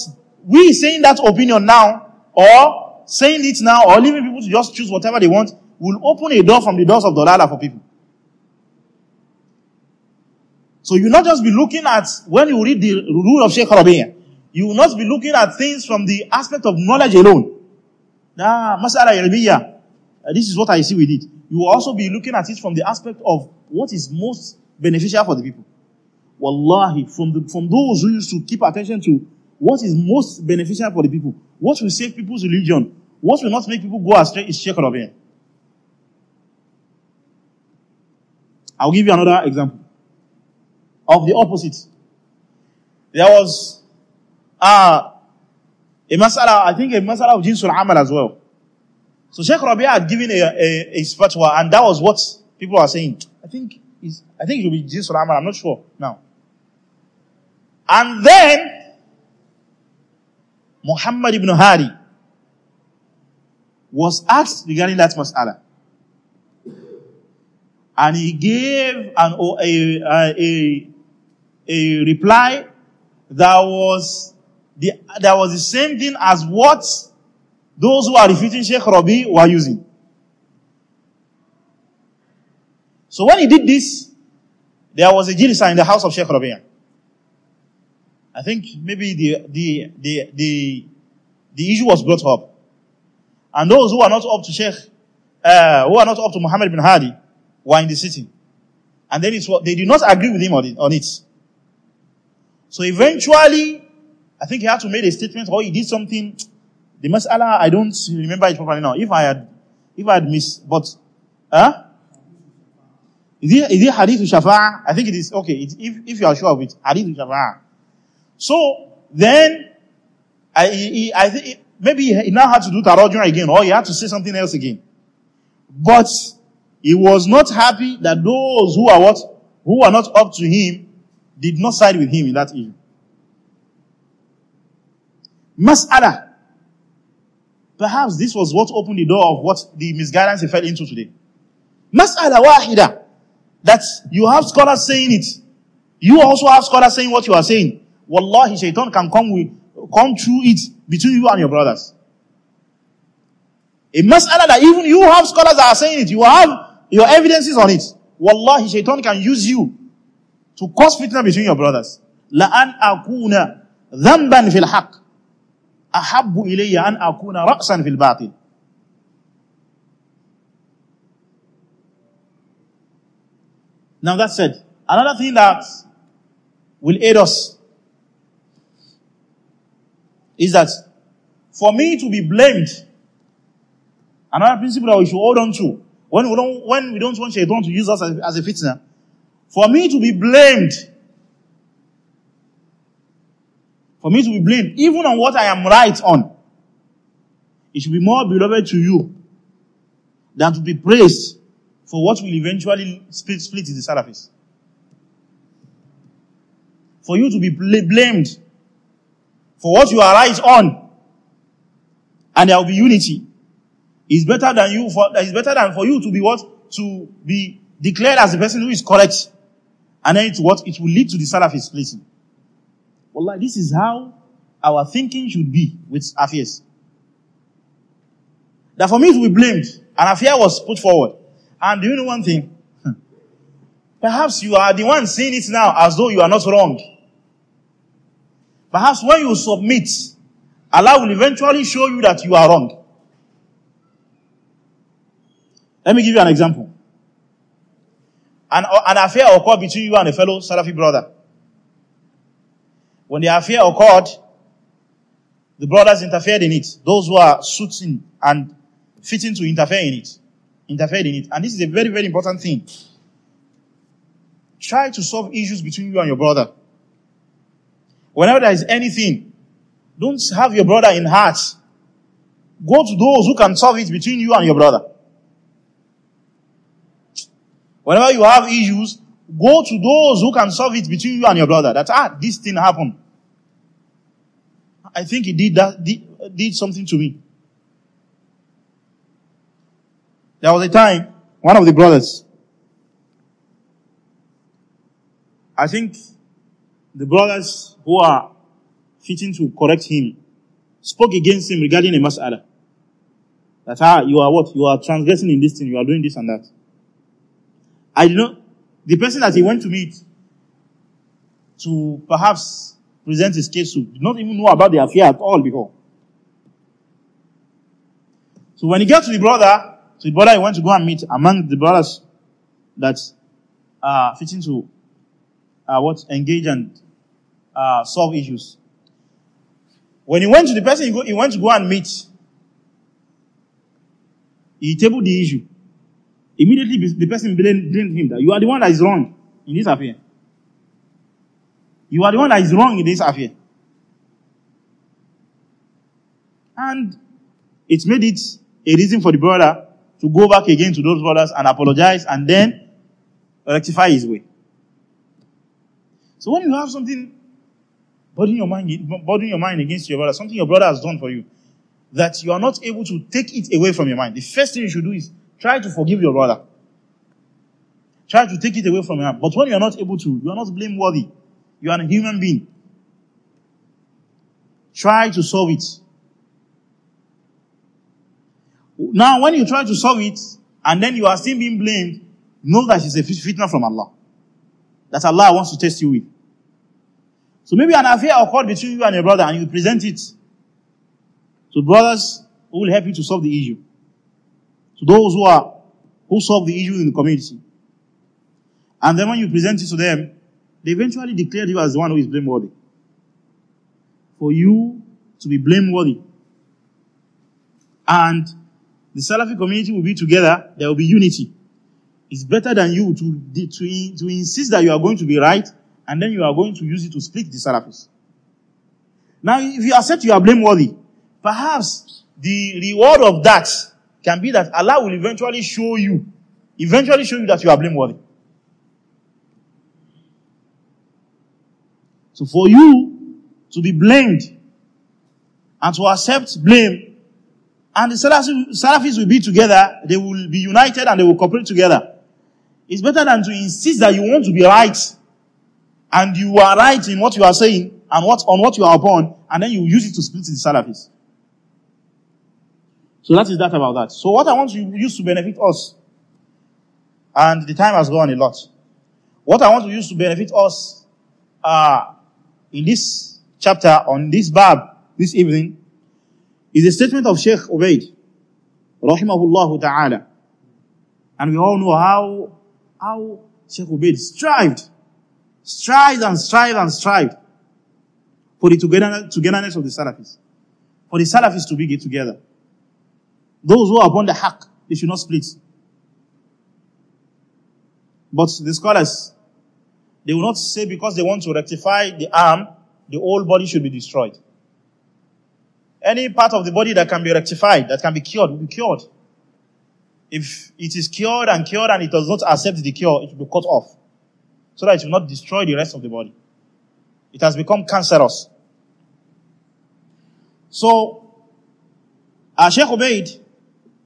we saying that opinion now, or saying it now, or leaving people to just choose whatever they want, will open a door from the doors of Dolala for people. So you'll not just be looking at, when you read the rule of Sheikh Rabiya, you will not be looking at things from the aspect of knowledge alone. Nah, Masala Yerbiya, uh, this is what I see with it. You will also be looking at it from the aspect of what is most beneficial for the people. Wallahi, from, the, from those who used to keep attention to what is most beneficial for the people, what will save people's religion, what will not make people go astray is Sheikh Rabi'a. I'll give you another example of the opposite. There was uh, a masala, I think a masala of jinsul amal as well. So Sheikh Rabi'a had given a, a, a fatwa and that was what people are saying. I think is I think it will be jinsul amal, I'm not sure now. And then, Muhammad ibn Hari was asked regarding that mas'ala. And he gave an, a, a, a reply that was the, that was the same thing as what those who are refuting Sheikh Rabi were using. So when he did this, there was a jilisa in the house of Sheikh Rabi'ah. I think maybe the, the, the, the, the issue was brought up. And those who are not up to Sheikh, uh, who are not up to Muhammad bin Hadi, were in the sitting. And then it's what, they did not agree with him on it, on it. So eventually, I think he had to make a statement or he did something. The mas'ala, I don't remember it properly now. If I had, if I had missed, but, huh? Is it, is it hadith shafa'ah? I think it is, okay, it, if, if you are sure of it, hadith shafa'ah. So then, I, I think maybe he now had to do tarajun again, or he had to say something else again. But he was not happy that those who are what who are not up to him did not side with him in that issue. Masada. Perhaps this was what opened the door of what the misguidance he fell into today. Masada wahida. That you have scholars saying it. You also have scholars saying what you are saying. Wallahi, shaitan can come with, come through it between you and your brothers. A mas'ala that even you have scholars that are saying it, you have your evidences on it. Wallahi, shaitan can use you to cause fitna between your brothers. لأن أكون ذنبا في الحق أحب إلي أن أكون رأسا في الباطل Now that said, another thing that will aid us is that for me to be blamed, another principle that we should hold on to, when we don't, when we don't want Shaitan to use us as, as a fitna, for me to be blamed, for me to be blamed, even on what I am right on, it should be more beloved to you than to be praised for what will eventually split, split the surface. For you to be blamed for what you arise on, and there will be unity. It's better than you for, it's better than for you to be what? To be declared as the person who is correct. And then it's what? It will lead to the Salafist placing. Wallah, this is how our thinking should be with affairs. That for me to be blamed, an affair was put forward. And do you know one thing? (laughs) Perhaps you are the one seeing it now as though you are not wrong. Perhaps when you submit, Allah will eventually show you that you are wrong. Let me give you an example. An, an affair occurred between you and a fellow Salafi brother. When the affair occurred, the brothers interfered in it. Those who are suiting and fitting to interfere in it. Interfered in it. And this is a very, very important thing. Try to solve issues between you and your brother. Whenever there is anything, don't have your brother in heart. Go to those who can solve it between you and your brother. Whenever you have issues, go to those who can solve it between you and your brother. That, ah, this thing happened. I think he did that, did, did something to me. There was a time, one of the brothers, I think the brothers who are fitting to correct him spoke against him regarding a mas'ala. That, ah, you are what? You are transgressing in this thing. You are doing this and that. I know the person that he went to meet to perhaps present his case to did not even know about the affair at all before. So when he got to the brother, to the brother he went to go and meet among the brothers that are fitting to uh, what engage and uh, solve issues. When he went to the person he, go, he went to go and meet, he tabled the issue. Immediately, the person blamed him that you are the one that is wrong in this affair. You are the one that is wrong in this affair. And it made it a reason for the brother to go back again to those brothers and apologize and then rectify his way. So when you have something burden your mind, burden your mind against your brother, something your brother has done for you, that you are not able to take it away from your mind. The first thing you should do is try to forgive your brother. Try to take it away from your mind. But when you are not able to, you are not blameworthy. You are a human being. Try to solve it. Now, when you try to solve it, and then you are still being blamed, know that it's a fitna from Allah. That Allah wants to test you with. So maybe an affair occurred between you and your brother and you present it. to brothers who will help you to solve the issue. To those who are, who solve the issue in the community. And then when you present it to them, they eventually declare you as the one who is blameworthy. For you to be blameworthy. And the Salafi community will be together, there will be unity. It's better than you to, to, to insist that you are going to be right and then you are going to use it to split the salafis. Now, if you accept you are blameworthy, perhaps the reward of that can be that Allah will eventually show you, eventually show you that you are blameworthy. So for you to be blamed and to accept blame, and the Salafis will be together, they will be united and they will cooperate together. It's better than to insist that you want to be right and you are right in what you are saying and what on what you are upon, and then you use it to split the Salafis. So that is that about that. So what I want you use to benefit us, and the time has gone a lot. What I want to use to benefit us uh, in this chapter, on this bab, this evening, is a statement of Sheikh Ubaid, rahimahullah ta'ala. And we all know how, how Sheikh Ubaid strived Strive and strive and strive for the togetherness of the Salafis. For the Salafis to be together. Those who are upon the hack, they should not split. But the scholars, they will not say because they want to rectify the arm, the whole body should be destroyed. Any part of the body that can be rectified, that can be cured, will be cured. If it is cured and cured and it does not accept the cure, it will be cut off so that it will not destroy the rest of the body. It has become cancerous. So, uh, Sheikh Obeid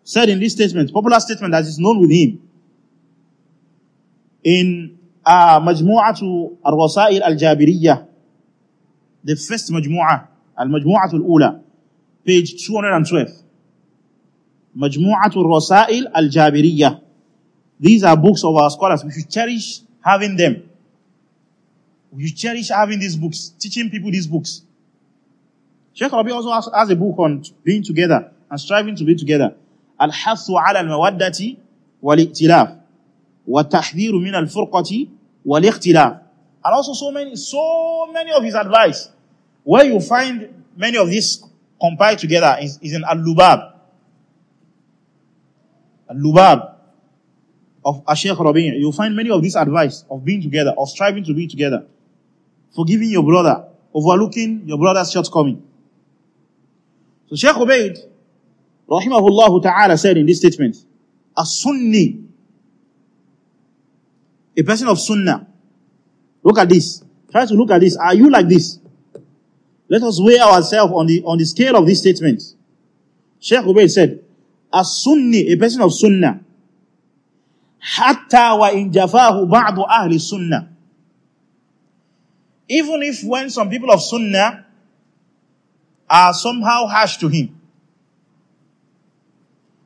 said in this statement, popular statement that is known with him, in uh, Majmu'atu al-Rasail al-Jabiriyah, the first Majmu'ah, al-Majmu'atu al-Ula, page 212. Majmu'atu al-Rasail al-Jabiriyah. These are books of our scholars. We should cherish having them. You cherish having these books, teaching people these books. Sheikh Rabi also has, has a book on being together and striving to be together. الحث wa المودة min al-furqati wal والاختلاف and also so many so many of his advice where you find many of these compiled together is, is in al-lubab al-lubab of Ashir Rabi'i, you'll find many of these advice of being together, of striving to be together, forgiving your brother, overlooking your brother's shortcoming. So Sheikh Ubaid, rahimahullah ta'ala, said in this statement, a Sunni, a person of Sunnah, look at this. Try to look at this. Are you like this? Let us weigh ourselves on the, on the scale of this statement. Sheikh Ubaid said, a Sunni, a person of Sunnah, hatta wa injafahu ba'du ahli sunnah. Even if when some people of sunnah are somehow harsh to him,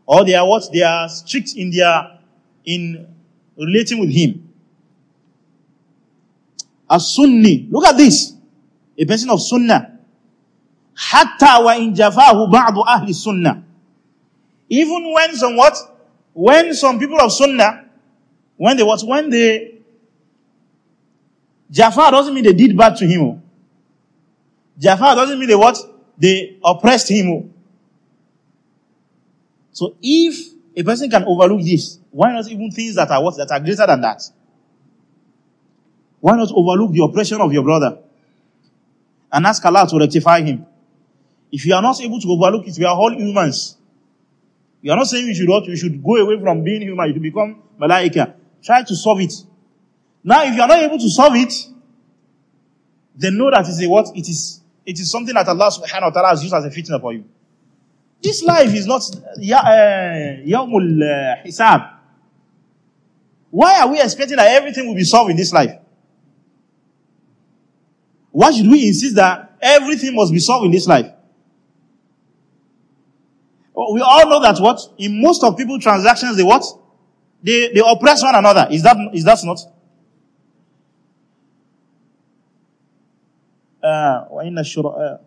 or they are what they are strict in their in relating with him. A sunni, look at this, a person of sunnah. Hatta wa injafahu ba'du ahli sunnah. Even when some what? When some people of sunnah when they was, when they, Jafar doesn't mean they did bad to him. Oh. Jafar doesn't mean they what? They oppressed him. Oh. So if a person can overlook this, why not even things that are what? That are greater than that? Why not overlook the oppression of your brother? And ask Allah to rectify him. If you are not able to overlook it, we are all humans. You are not saying you should, you should go away from being human, you should become malaika. Try to solve it. Now, if you are not able to solve it, then know that is a what it is. It is something that Allah subhanahu wa ta'ala has used as a fitna for you. This life is not eh, yawmul eh, hisab. Why are we expecting that everything will be solved in this life? Why should we insist that everything must be solved in this life? Oh, we all know that what? In most of people transactions, they what? They, they oppress one another. Is that, is that not? Uh, uh.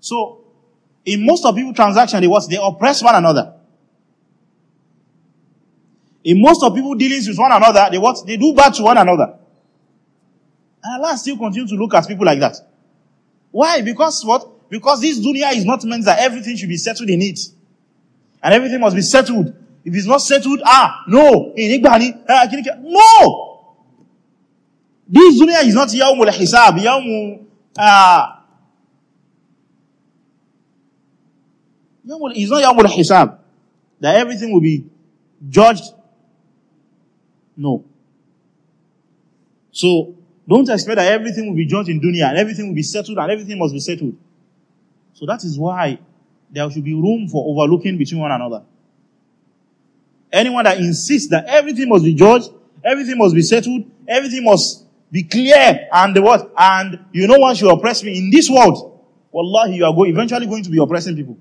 so, in most of people transactions, they, what, they oppress one another. In most of people dealings with one another, they what? They do bad to one another. And Allah still continues to look at people like that. Why? Because what? Because this dunya is not meant that everything should be settled in it. And everything must be settled if it's not settled, ah, no, no. This dunya is not yawm al-hisab, yawm, ah, it's not yawm al-hisab, that everything will be judged. No. So, don't expect that everything will be judged in dunya and everything will be settled and everything must be settled. So that is why there should be room for overlooking between one another. Anyone that insists that everything must be judged, everything must be settled, everything must be clear and the what? And you know once you oppress me in this world, wallahi, you are eventually going to be oppressing people.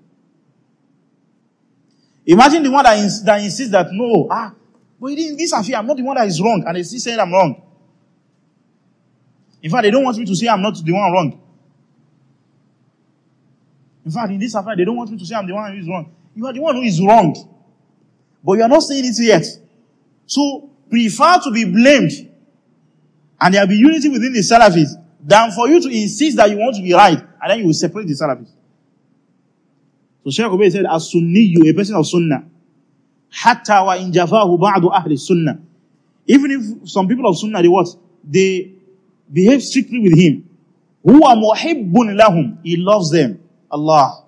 Imagine the one that, ins- that insists that no, ah, but in this affair, I'm not the one that is wrong, and they still saying I'm wrong. In fact, they don't want me to say I'm not the one wrong. In fact, in this affair, they don't want me to say I'm the one who is wrong. You are the one who is wrong. But you are not saying it yet. So prefer to be blamed and there'll be unity within the Salafis than for you to insist that you want to be right and then you will separate the Salafis. So Shaykh Ubay said, as Sunniyu, a person of Sunnah, hatta wa in jafahu ahli Sunnah. Even if some people of Sunnah, they what? They behave strictly with him. Huwa muhibbun lahum. He loves them. Allah.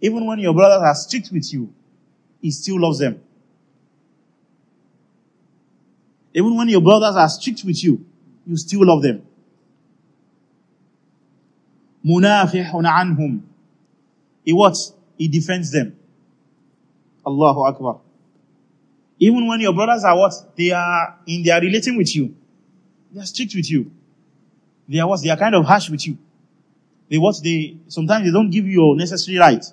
Even when your brothers are strict with you, he still loves them. Even when your brothers are strict with you, you still love them. منافح عنهم. He what? He defends them. Allahu Akbar. Even when your brothers are what? They are in they are relating with you. They are strict with you. They are what? They are kind of harsh with you. They what they sometimes they don't give you your necessary right.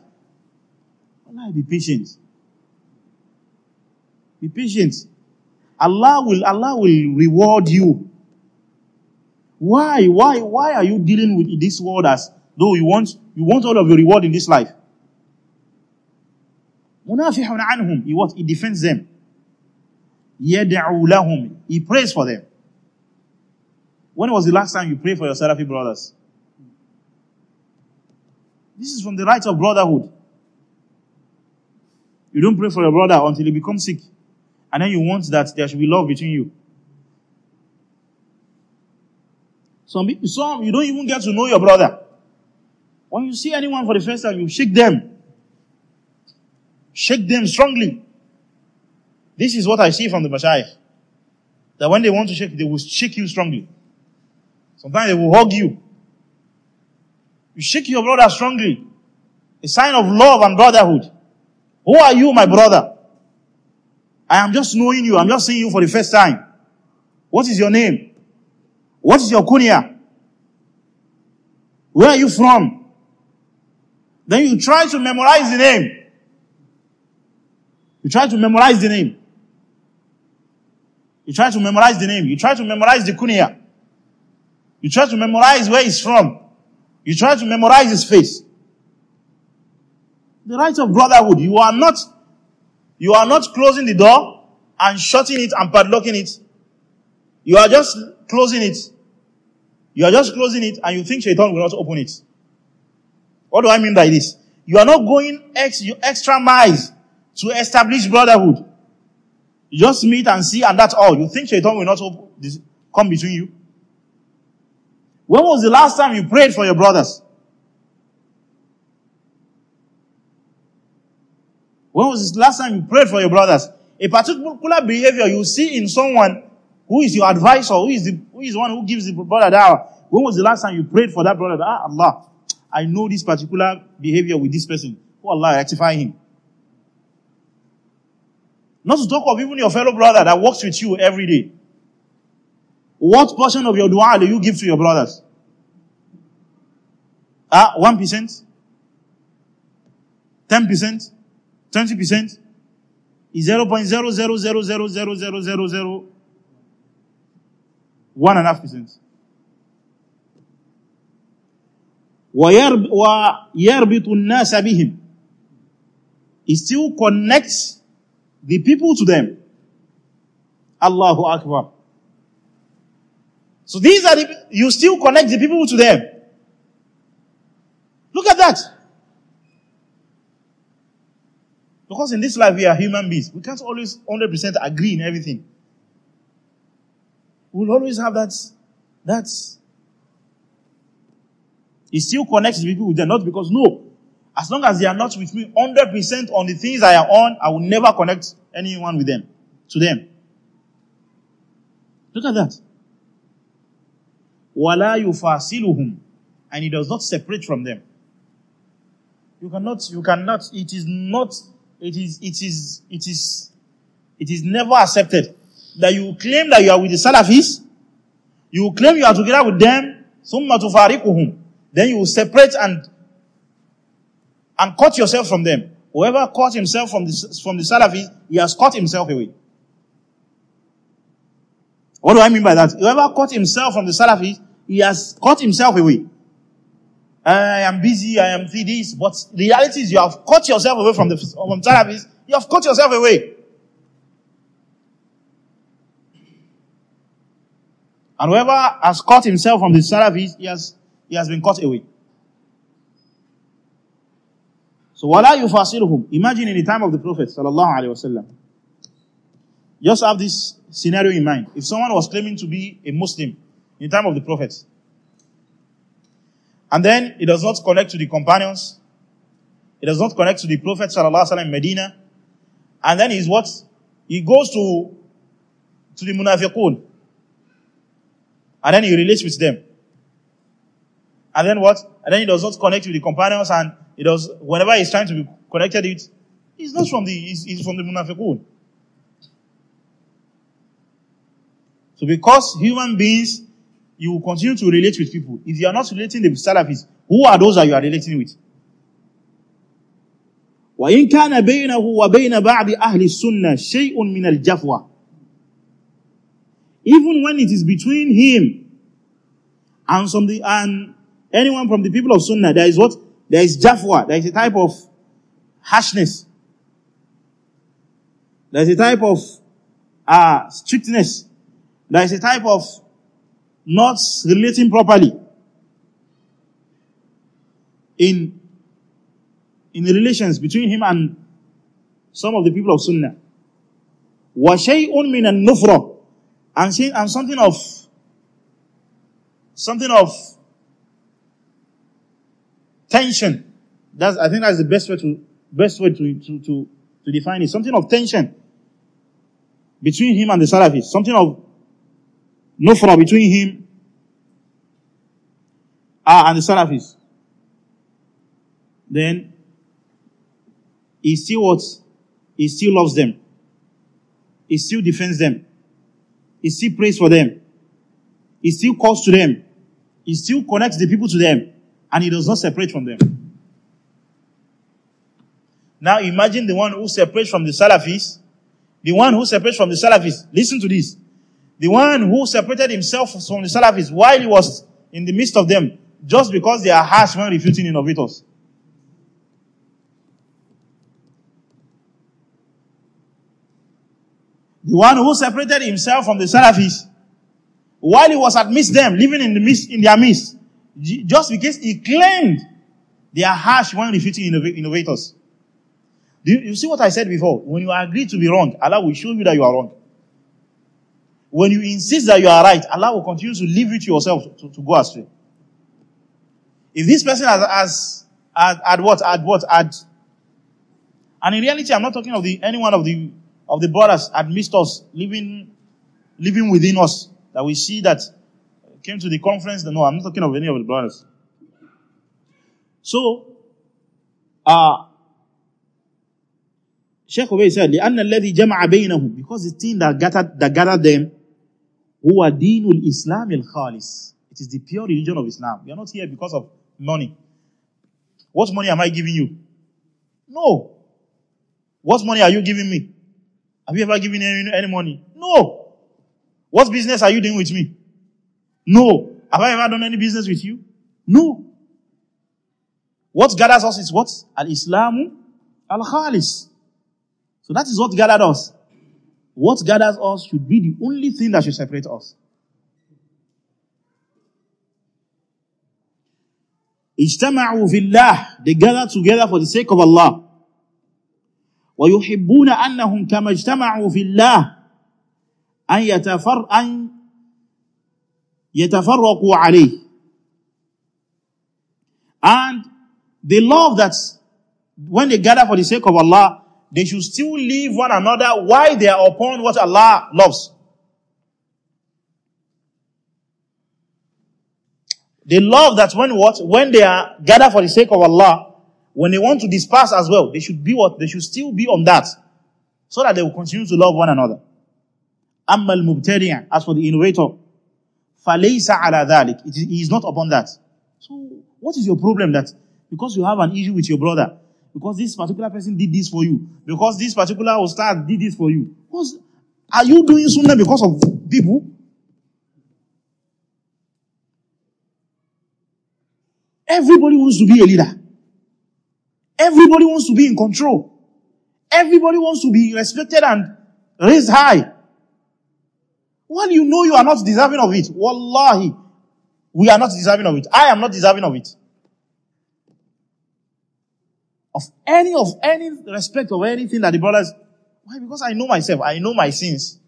Allah be patient. Be patient. Allah will, Allah will reward you. Why, why, why are you dealing with this world as though you want, you want all of your reward in this life? Munafihun anhum. He what? He defends them. lahum. He prays for them. When was the last time you prayed for your Salafi brothers? This is from the right of brotherhood. You don't pray for your brother until he becomes sick. And then you want that there should be love between you. Some some, you don't even get to know your brother. When you see anyone for the first time, you shake them. Shake them strongly. This is what I see from the Messiah. That when they want to shake, they will shake you strongly. Sometimes they will hug you. You shake your brother strongly. A sign of love and brotherhood. Who are you, my brother? I am just knowing you. I'm just seeing you for the first time. What is your name? What is your kunya? Where are you from? Then you try to memorize the name. You try to memorize the name. You try to memorize the name. You try to memorize the kunya. You try to memorize where he's from. You try to memorize his face. The right of brotherhood. You are not you are not closing the door and shutting it and padlocking it. You are just closing it. You are just closing it and you think Shaitan will not open it. What do I mean by this? You are not going ex- extra miles to establish brotherhood. You just meet and see and that's all. You think Shaitan will not this, come between you? When was the last time you prayed for your brothers? When was the last time you prayed for your brothers? A particular behavior you see in someone who is your advisor, who is the, who is the one who gives the brother that. When was the last time you prayed for that brother? Ah, Allah, I know this particular behavior with this person. Oh Allah, rectify him. Not to talk of even your fellow brother that works with you every day. What portion of your dua do you give to your brothers? Ah, 1%? 10%? 20% is 0.000000000 one and a half percent. is 0 النَّاسَ بِهِمْ He still connects the people to them. Allahu Akbar. So these are the, you still connect the people to them. Look at that. Because in this life, we are human beings. We can't always 100% agree in everything. We'll always have that. That. It still connects with people with them, not because, no. As long as they are not with me 100% on the things I am on, I will never connect anyone with them, to them. Look at that. Wala yufasiluhum. And he does not separate from them. You cannot, you cannot, it is not it is, it is, it is, it is never accepted that you claim that you are with the Salafis, you claim you are together with them, summa tufariquhum. Then you will separate and, and cut yourself from them. Whoever cut himself from the, from the Salafis, he has cut himself away. What do I mean by that? Whoever cut himself from the Salafis, he has cut himself away. I am busy, I am this, but reality is you have cut yourself away from the from therapies, you have cut yourself away. And whoever has cut himself from the service, he has, he has been cut away. So, wala yufasiluhum. Imagine in the time of the Prophet, sallallahu alaihi wasallam. Just have this scenario in mind. If someone was claiming to be a Muslim in the time of the Prophet, and then it does not connect to the companions. It does not connect to the Prophet sallallahu alaihi wasallam Medina. And then he's what he goes to to the munafiqun. And then he relates with them. And then what? And then he does not connect with the companions and it does, whenever he's trying to be connected with, he's not from the, he's, he's from the munafiqun. So because human beings you will continue to relate with people. If you are not relating with Salafis, who are those that you are relating with? وإن كان بينه وبين بعض أهل السنة شيء من الجفوة Even when it is between him and some and anyone from the people of Sunnah, there is what? There is jafwa. There is a type of harshness. There is a type of uh, strictness. There is a type of not relating properly in, in the relations between him and some of the people of Sunnah. وَشَيْءٌ مِنَ النُّفْرَةِ and, say, and something of something of tension. That's I think that's the best way to best way to, to, to, to define it. Something of tension between him and the Salafis. Something of no Nufra between him ah, and the Salafis. Then he still what? He still loves them. He still defends them. He still prays for them. He still calls to them. He still connects the people to them. And he does not separate from them. Now imagine the one who separates from the Salafis. The one who separates from the Salafis. Listen to this. The one who separated himself from the Salafis while he was in the midst of them, just because they are harsh when refuting innovators. The one who separated himself from the Salafis while he was amidst them, living in, the midst, in their midst, just because he claimed they are harsh when refuting innovators. Do you, you see what I said before? When you agree to be wrong, Allah will show you that you are wrong. When you insist that you are right, Allah will continue to leave you to yourself to, to go astray. If this person has, has, had, had what, had what, had, and in reality, I'm not talking of the, any one of the, of the brothers missed us living, living within us that we see that came to the conference. No, I'm not talking of any of the brothers. So, uh, Sheikh Obey said, لأن الذي جمع بينهم, because the thing that gathered, that gathered them with Islam and Khalis? it is the pure religion of Islam we are not here because of money what money am I giving you no what money are you giving me have you ever given any, any money no what business are you doing with me no have I ever done any business with you no what gathers us is what al islam al-Khalis so that is what gathered us what gathers us should be the only thing that should separate us. اجتمعوا في الله they gather together for the sake of Allah ويحبون أنهم كما اجتمعوا في الله أن, يتفر أن يتفرقوا عليه and they love that when they gather for the sake of Allah they should still leave one another while they are upon what Allah loves. They love that when what? When they are gathered for the sake of Allah, when they want to disperse as well, they should be what? They should still be on that. So that they will continue to love one another. أَمَّا الْمُبْتَرِعَ As for the innovator, فَلَيْسَ عَلَى ذَلِكَ He is not upon that. So, what is your problem that because you have an issue with your brother, because this particular person did this for you, because this particular star did this for you. Because, are you doing sunnah because of people? Everybody wants to be a leader. Everybody wants to be in control. Everybody wants to be respected and raised high. When you know you are not deserving of it, wallahi, we are not deserving of it. I am not deserving of it of any of any respect of anything that the brothers. Why? Because I know myself. I know my sins.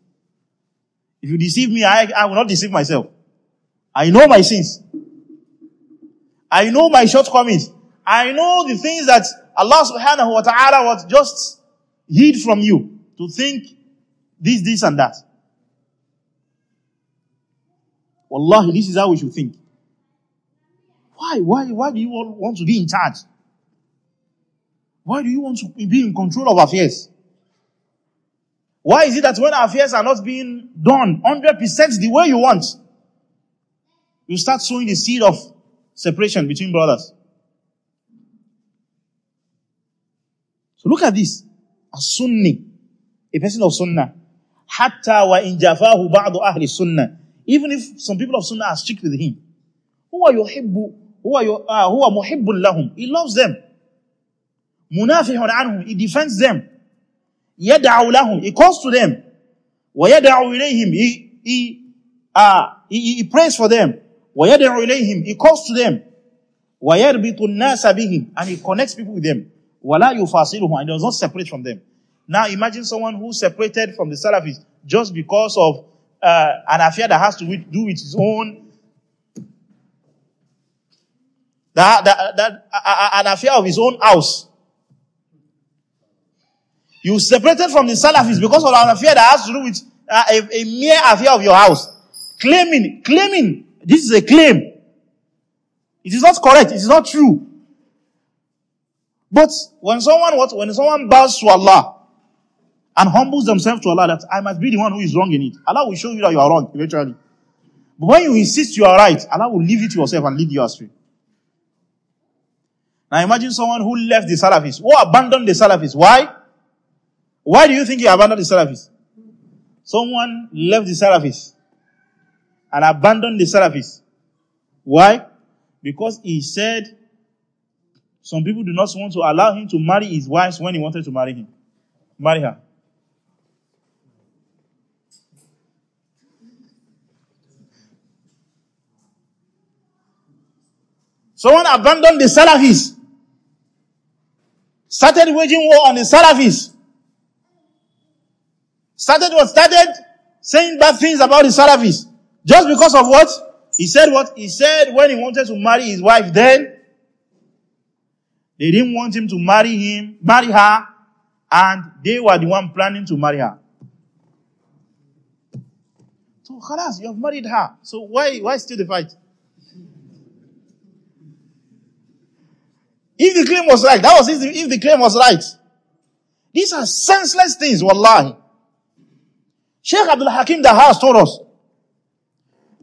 If you deceive me, I, I will not deceive myself. I know my sins. I know my shortcomings. I know the things that Allah subhanahu wa ta'ala was just hid from you to think this, this and that. Wallahi, this is how we should think. Why, why, why do you all want to be in charge? Why do you want to be in control of affairs? Why is it that when affairs are not being done 100% the way you want, you start sowing the seed of separation between brothers? So look at this. A Sunni, a person of Sunnah. Hatta wa injafahu ba'du ahli Sunnah. Even if some people of Sunnah are strict with him. Who are your hibbu? Who are your, uh, who are muhibbun lahum? He loves them munafihun anhum, he defends them. Yada'u lahum, he calls to them. Wa yada'u ilayhim, he, he, uh, he, he prays for them. Wa yada'u ilayhim, he calls to them. Wa yarbitu nasa bihim, and he connects people with them. Wa yufasiluhum, and he does not separate from them. Now imagine someone who separated from the Salafis just because of uh, an affair that has to do with his own that, that, that, uh, an affair of his own house you separated from the Salafis because of an affair that has to do with uh, a, a mere affair of your house. Claiming, claiming, this is a claim. It is not correct. It is not true. But when someone what, when someone bows to Allah and humbles themselves to Allah, that I must be the one who is wrong in it. Allah will show you that you are wrong eventually. But when you insist you are right, Allah will leave it to yourself and lead you astray. Now imagine someone who left the Salafis, who abandoned the Salafis. Why? Why do you think he abandoned the Salafis? Someone left the Salafis and abandoned the Salafis. Why? Because he said some people do not want to allow him to marry his wife when he wanted to marry him. Marry her. Someone abandoned the Salafis, started waging war on the Salafis started what? Started saying bad things about his Salafis. Just because of what? He said what? He said when he wanted to marry his wife then, they didn't want him to marry him, marry her, and they were the one planning to marry her. So, khalas, you have married her. So why, why still the fight? If the claim was right, that was if the, if the claim was right. These are senseless things, wallahi. Sheikh Abdul Hakim Dahas told us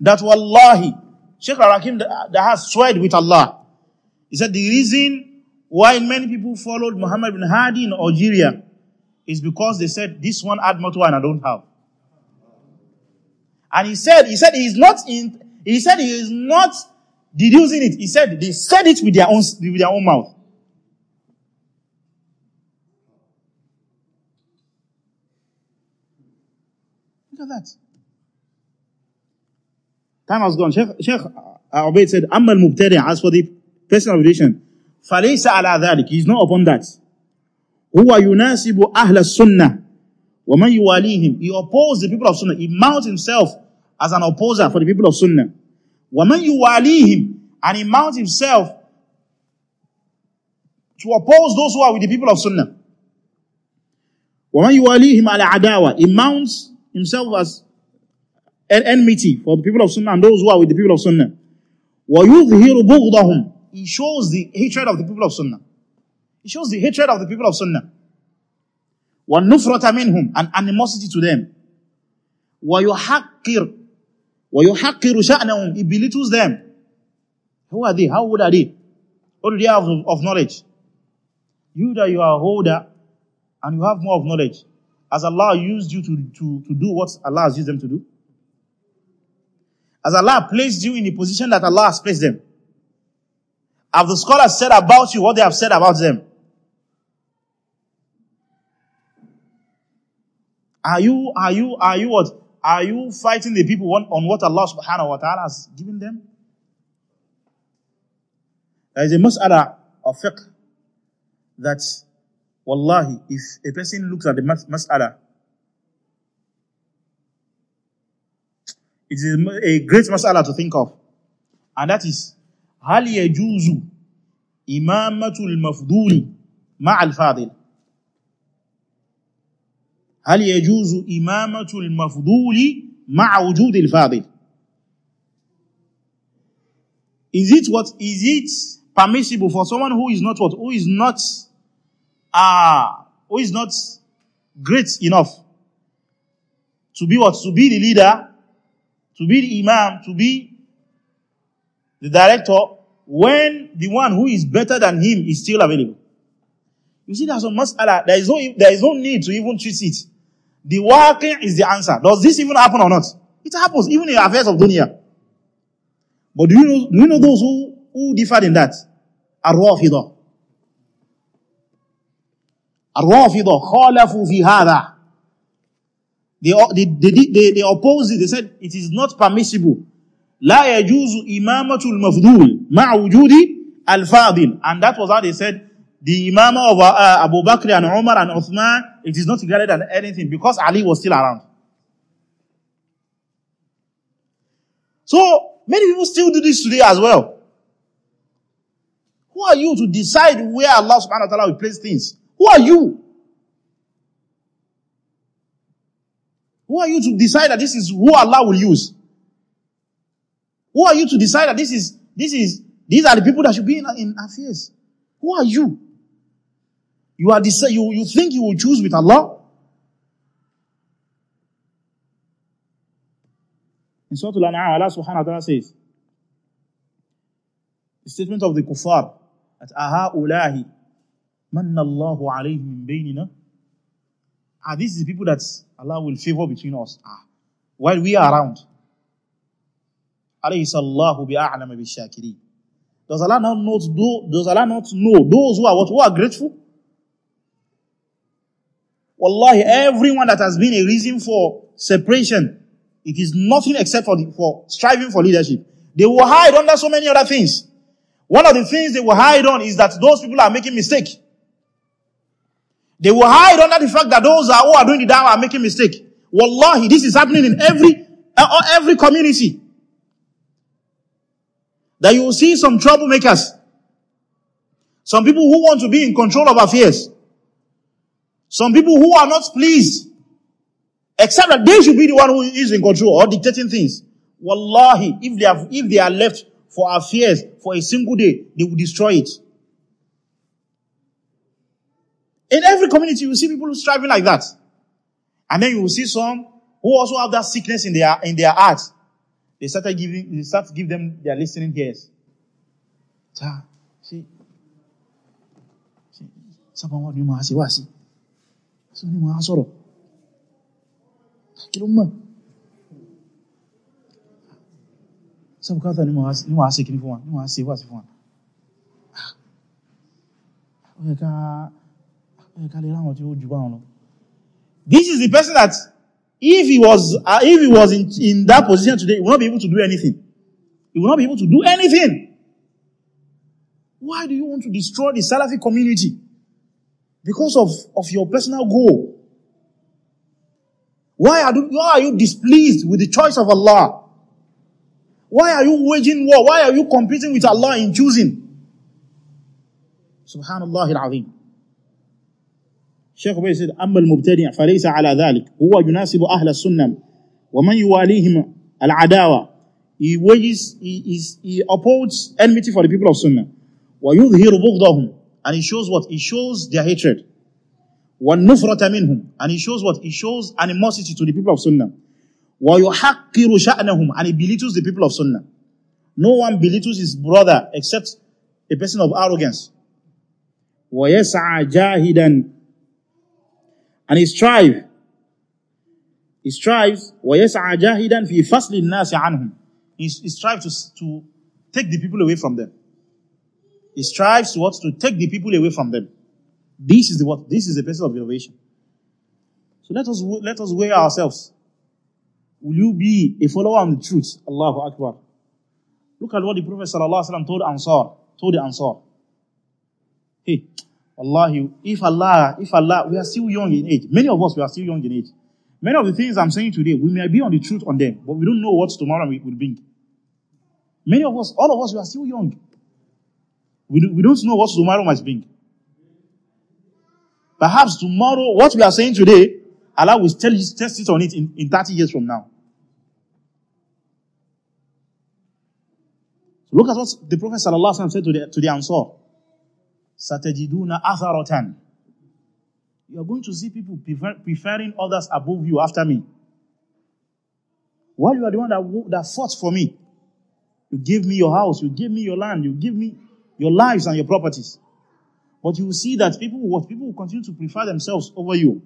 that Wallahi, Sheikh Abdul Hakim Dahas swayed with Allah. He said the reason why many people followed Muhammad bin Hadi in Algeria is because they said, this one had more and I don't have. And he said, he said he is not in, he said he is not deducing it. He said they said it with their own, with their own mouth. Look at that. Time has gone. Sheikh, Sheikh Ubaid said, "Amal Mubtari, as for the personal relation, فَلَيْسَ عَلَى ذَلِكِ He's not upon that. هُوَ يُنَاسِبُ أَهْلَ السُنَّةِ وَمَنْ يُوَالِيهِمْ He opposes the people of Sunnah. He mounts himself as an opposer for the people of Sunnah. وَمَنْ يُوَالِيهِمْ And he mounts himself to oppose those who are with the people of Sunnah. وَمَنْ يُوَالِيهِمْ عَلَى عَدَاوَةِ He mounts himself as an enmity for the people of Sunnah and those who are with the people of Sunnah. He shows the hatred of the people of Sunnah. He shows the hatred of the people of Sunnah. وَالنُفْرَةَ مِنْهُمْ and animosity to them. وَيُحَقِّرُ وَيُحَقِّرُ شَأْنَهُمْ He belittles them. Who are they? How old are they? What do they have of knowledge? You that you are older and you have more of knowledge. Has Allah used you to, to, to do what Allah has used them to do? Has Allah placed you in the position that Allah has placed them? Have the scholars said about you what they have said about them? Are you, are you, are you what? Are you fighting the people on, on what Allah subhanahu wa ta'ala has given them? There is a mas'ala of fiqh that Wallahi, if a person looks at the mas- mas'ala, it is a great mas'ala to think of. And that is, هل يجوز إمامة المفضول مع الفاضل هل يجوز إمامة المفضول مع وجود الفاضل Is it what is it permissible for someone who is not what who is not Ah, who is not great enough to be what? To be the leader, to be the imam, to be the director, when the one who is better than him is still available. You see, there's a mas'ala. There is no, there is no need to even treat it. The waqi' is the answer. Does this even happen or not? It happens, even in affairs of dunya. But do you know, do you know those who, who differed in that? Ar-Rafidah. الرافضة خالفوا في هذا they, they, they, they, they opposed it. They said it is not permissible. لا يجوز إمامة المفضول مع وجود الفاضل. And that was how they said the imamah of uh, Abu Bakr and Umar and Uthman, it is not regarded as anything because Ali was still around. So many people still do this today as well. Who are you to decide where Allah subhanahu wa ta'ala will place things? Who are you? Who are you to decide that this is who Allah will use? Who are you to decide that this is, this is, these are the people that should be in, in affairs? Who are you? You are decide, you, you think you will choose with Allah? In Surah Al-An'am, Allah subhanahu wa ta'ala says, the statement of the kuffar, aha ulahi man Allahu alayhim min baynina ah the people that Allah will favor between us ah while we are around alayhi sallahu bi'a'lama bishakirin does Allah not know those, does Allah not know those who are what who are grateful wallahi everyone that has been a reason for separation it is nothing except for, the, for striving for leadership they will hide under so many other things one of the things they will hide on is that those people are making mistake. They will hide under the fact that those who are doing the da'wah are making mistake. Wallahi, this is happening in every, uh, uh, every community. That you will see some troublemakers. Some people who want to be in control of affairs. Some people who are not pleased. Except that they should be the one who is in control or dictating things. Wallahi, if they, have, if they are left for affairs for a single day, they will destroy it. In every community, you see people striving like that. And then you will see some who also have that sickness in their, in their hearts. They started giving, they start to give them their listening ears. See, sábàá wọn ni máa ṣe wá sí sí ni máa sọ̀rọ̀ kí ló mọ̀ sábùkátà ni máa ṣe kí ní fún wa ní máa ṣe wá sí fún wa ah, ó yẹ ká This is the person that if he was, uh, if he was in, in that position today, he would not be able to do anything. He would not be able to do anything. Why do you want to destroy the Salafi community? Because of, of your personal goal. Why are, you, why are you displeased with the choice of Allah? Why are you waging war? Why are you competing with Allah in choosing? Subhanallah al-Azim. شيخ بيسد أما المبتدع فليس على ذلك هو يناسب أهل السنة ومن يواليهم العداوة he wages he, he, he upholds enmity for the people of sunnah ويظهر بغضهم and he shows what he shows their hatred والنفرة منهم and he shows what he shows animosity to the people of sunnah ويحقر شأنهم and he belittles the people of sunnah no one belittles his brother except a person of arrogance ويسعى جاهدا And he strives. He strives, وَيَسْعَى جَاهِدًا فِي فَصْلِ النَّاسِ عَنْهُمْ He, he strives to, to take the people away from them. He strives what? To take the people away from them. This is the what? This is the basis of innovation. So let us, let us weigh ourselves. Will you be a follower on the truth? Allahu Akbar. Look at what the Prophet ﷺ told Ansar, told the Ansar. Allah, if Allah, if Allah, we are still young in age. Many of us, we are still young in age. Many of the things I'm saying today, we may be on the truth on them, but we don't know what tomorrow will bring. Many of us, all of us, we are still young. We, do, we don't know what tomorrow might bring. Perhaps tomorrow, what we are saying today, Allah will tell you, test it on it in, in 30 years from now. Look at what the Prophet said to the, to the Ansar satajiduna atharatan. You are going to see people prefer, preferring others above you after me. While you are the one that, that fought for me, you gave me your house, you gave me your land, you gave me your lives and your properties. But you will see that people, what people will continue to prefer themselves over you.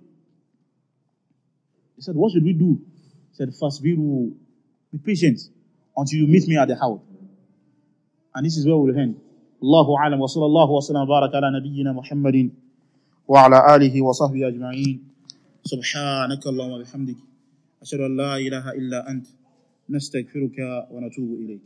He said, what should we do? He said, first we will be patient until you meet me at the house. And this is where we'll end. الله اعلم وصلى الله وسلم وبارك على نبينا محمد وعلى اله وصحبه اجمعين سبحانك اللهم وبحمدك اشهد ان لا اله الا انت نستغفرك ونتوب اليك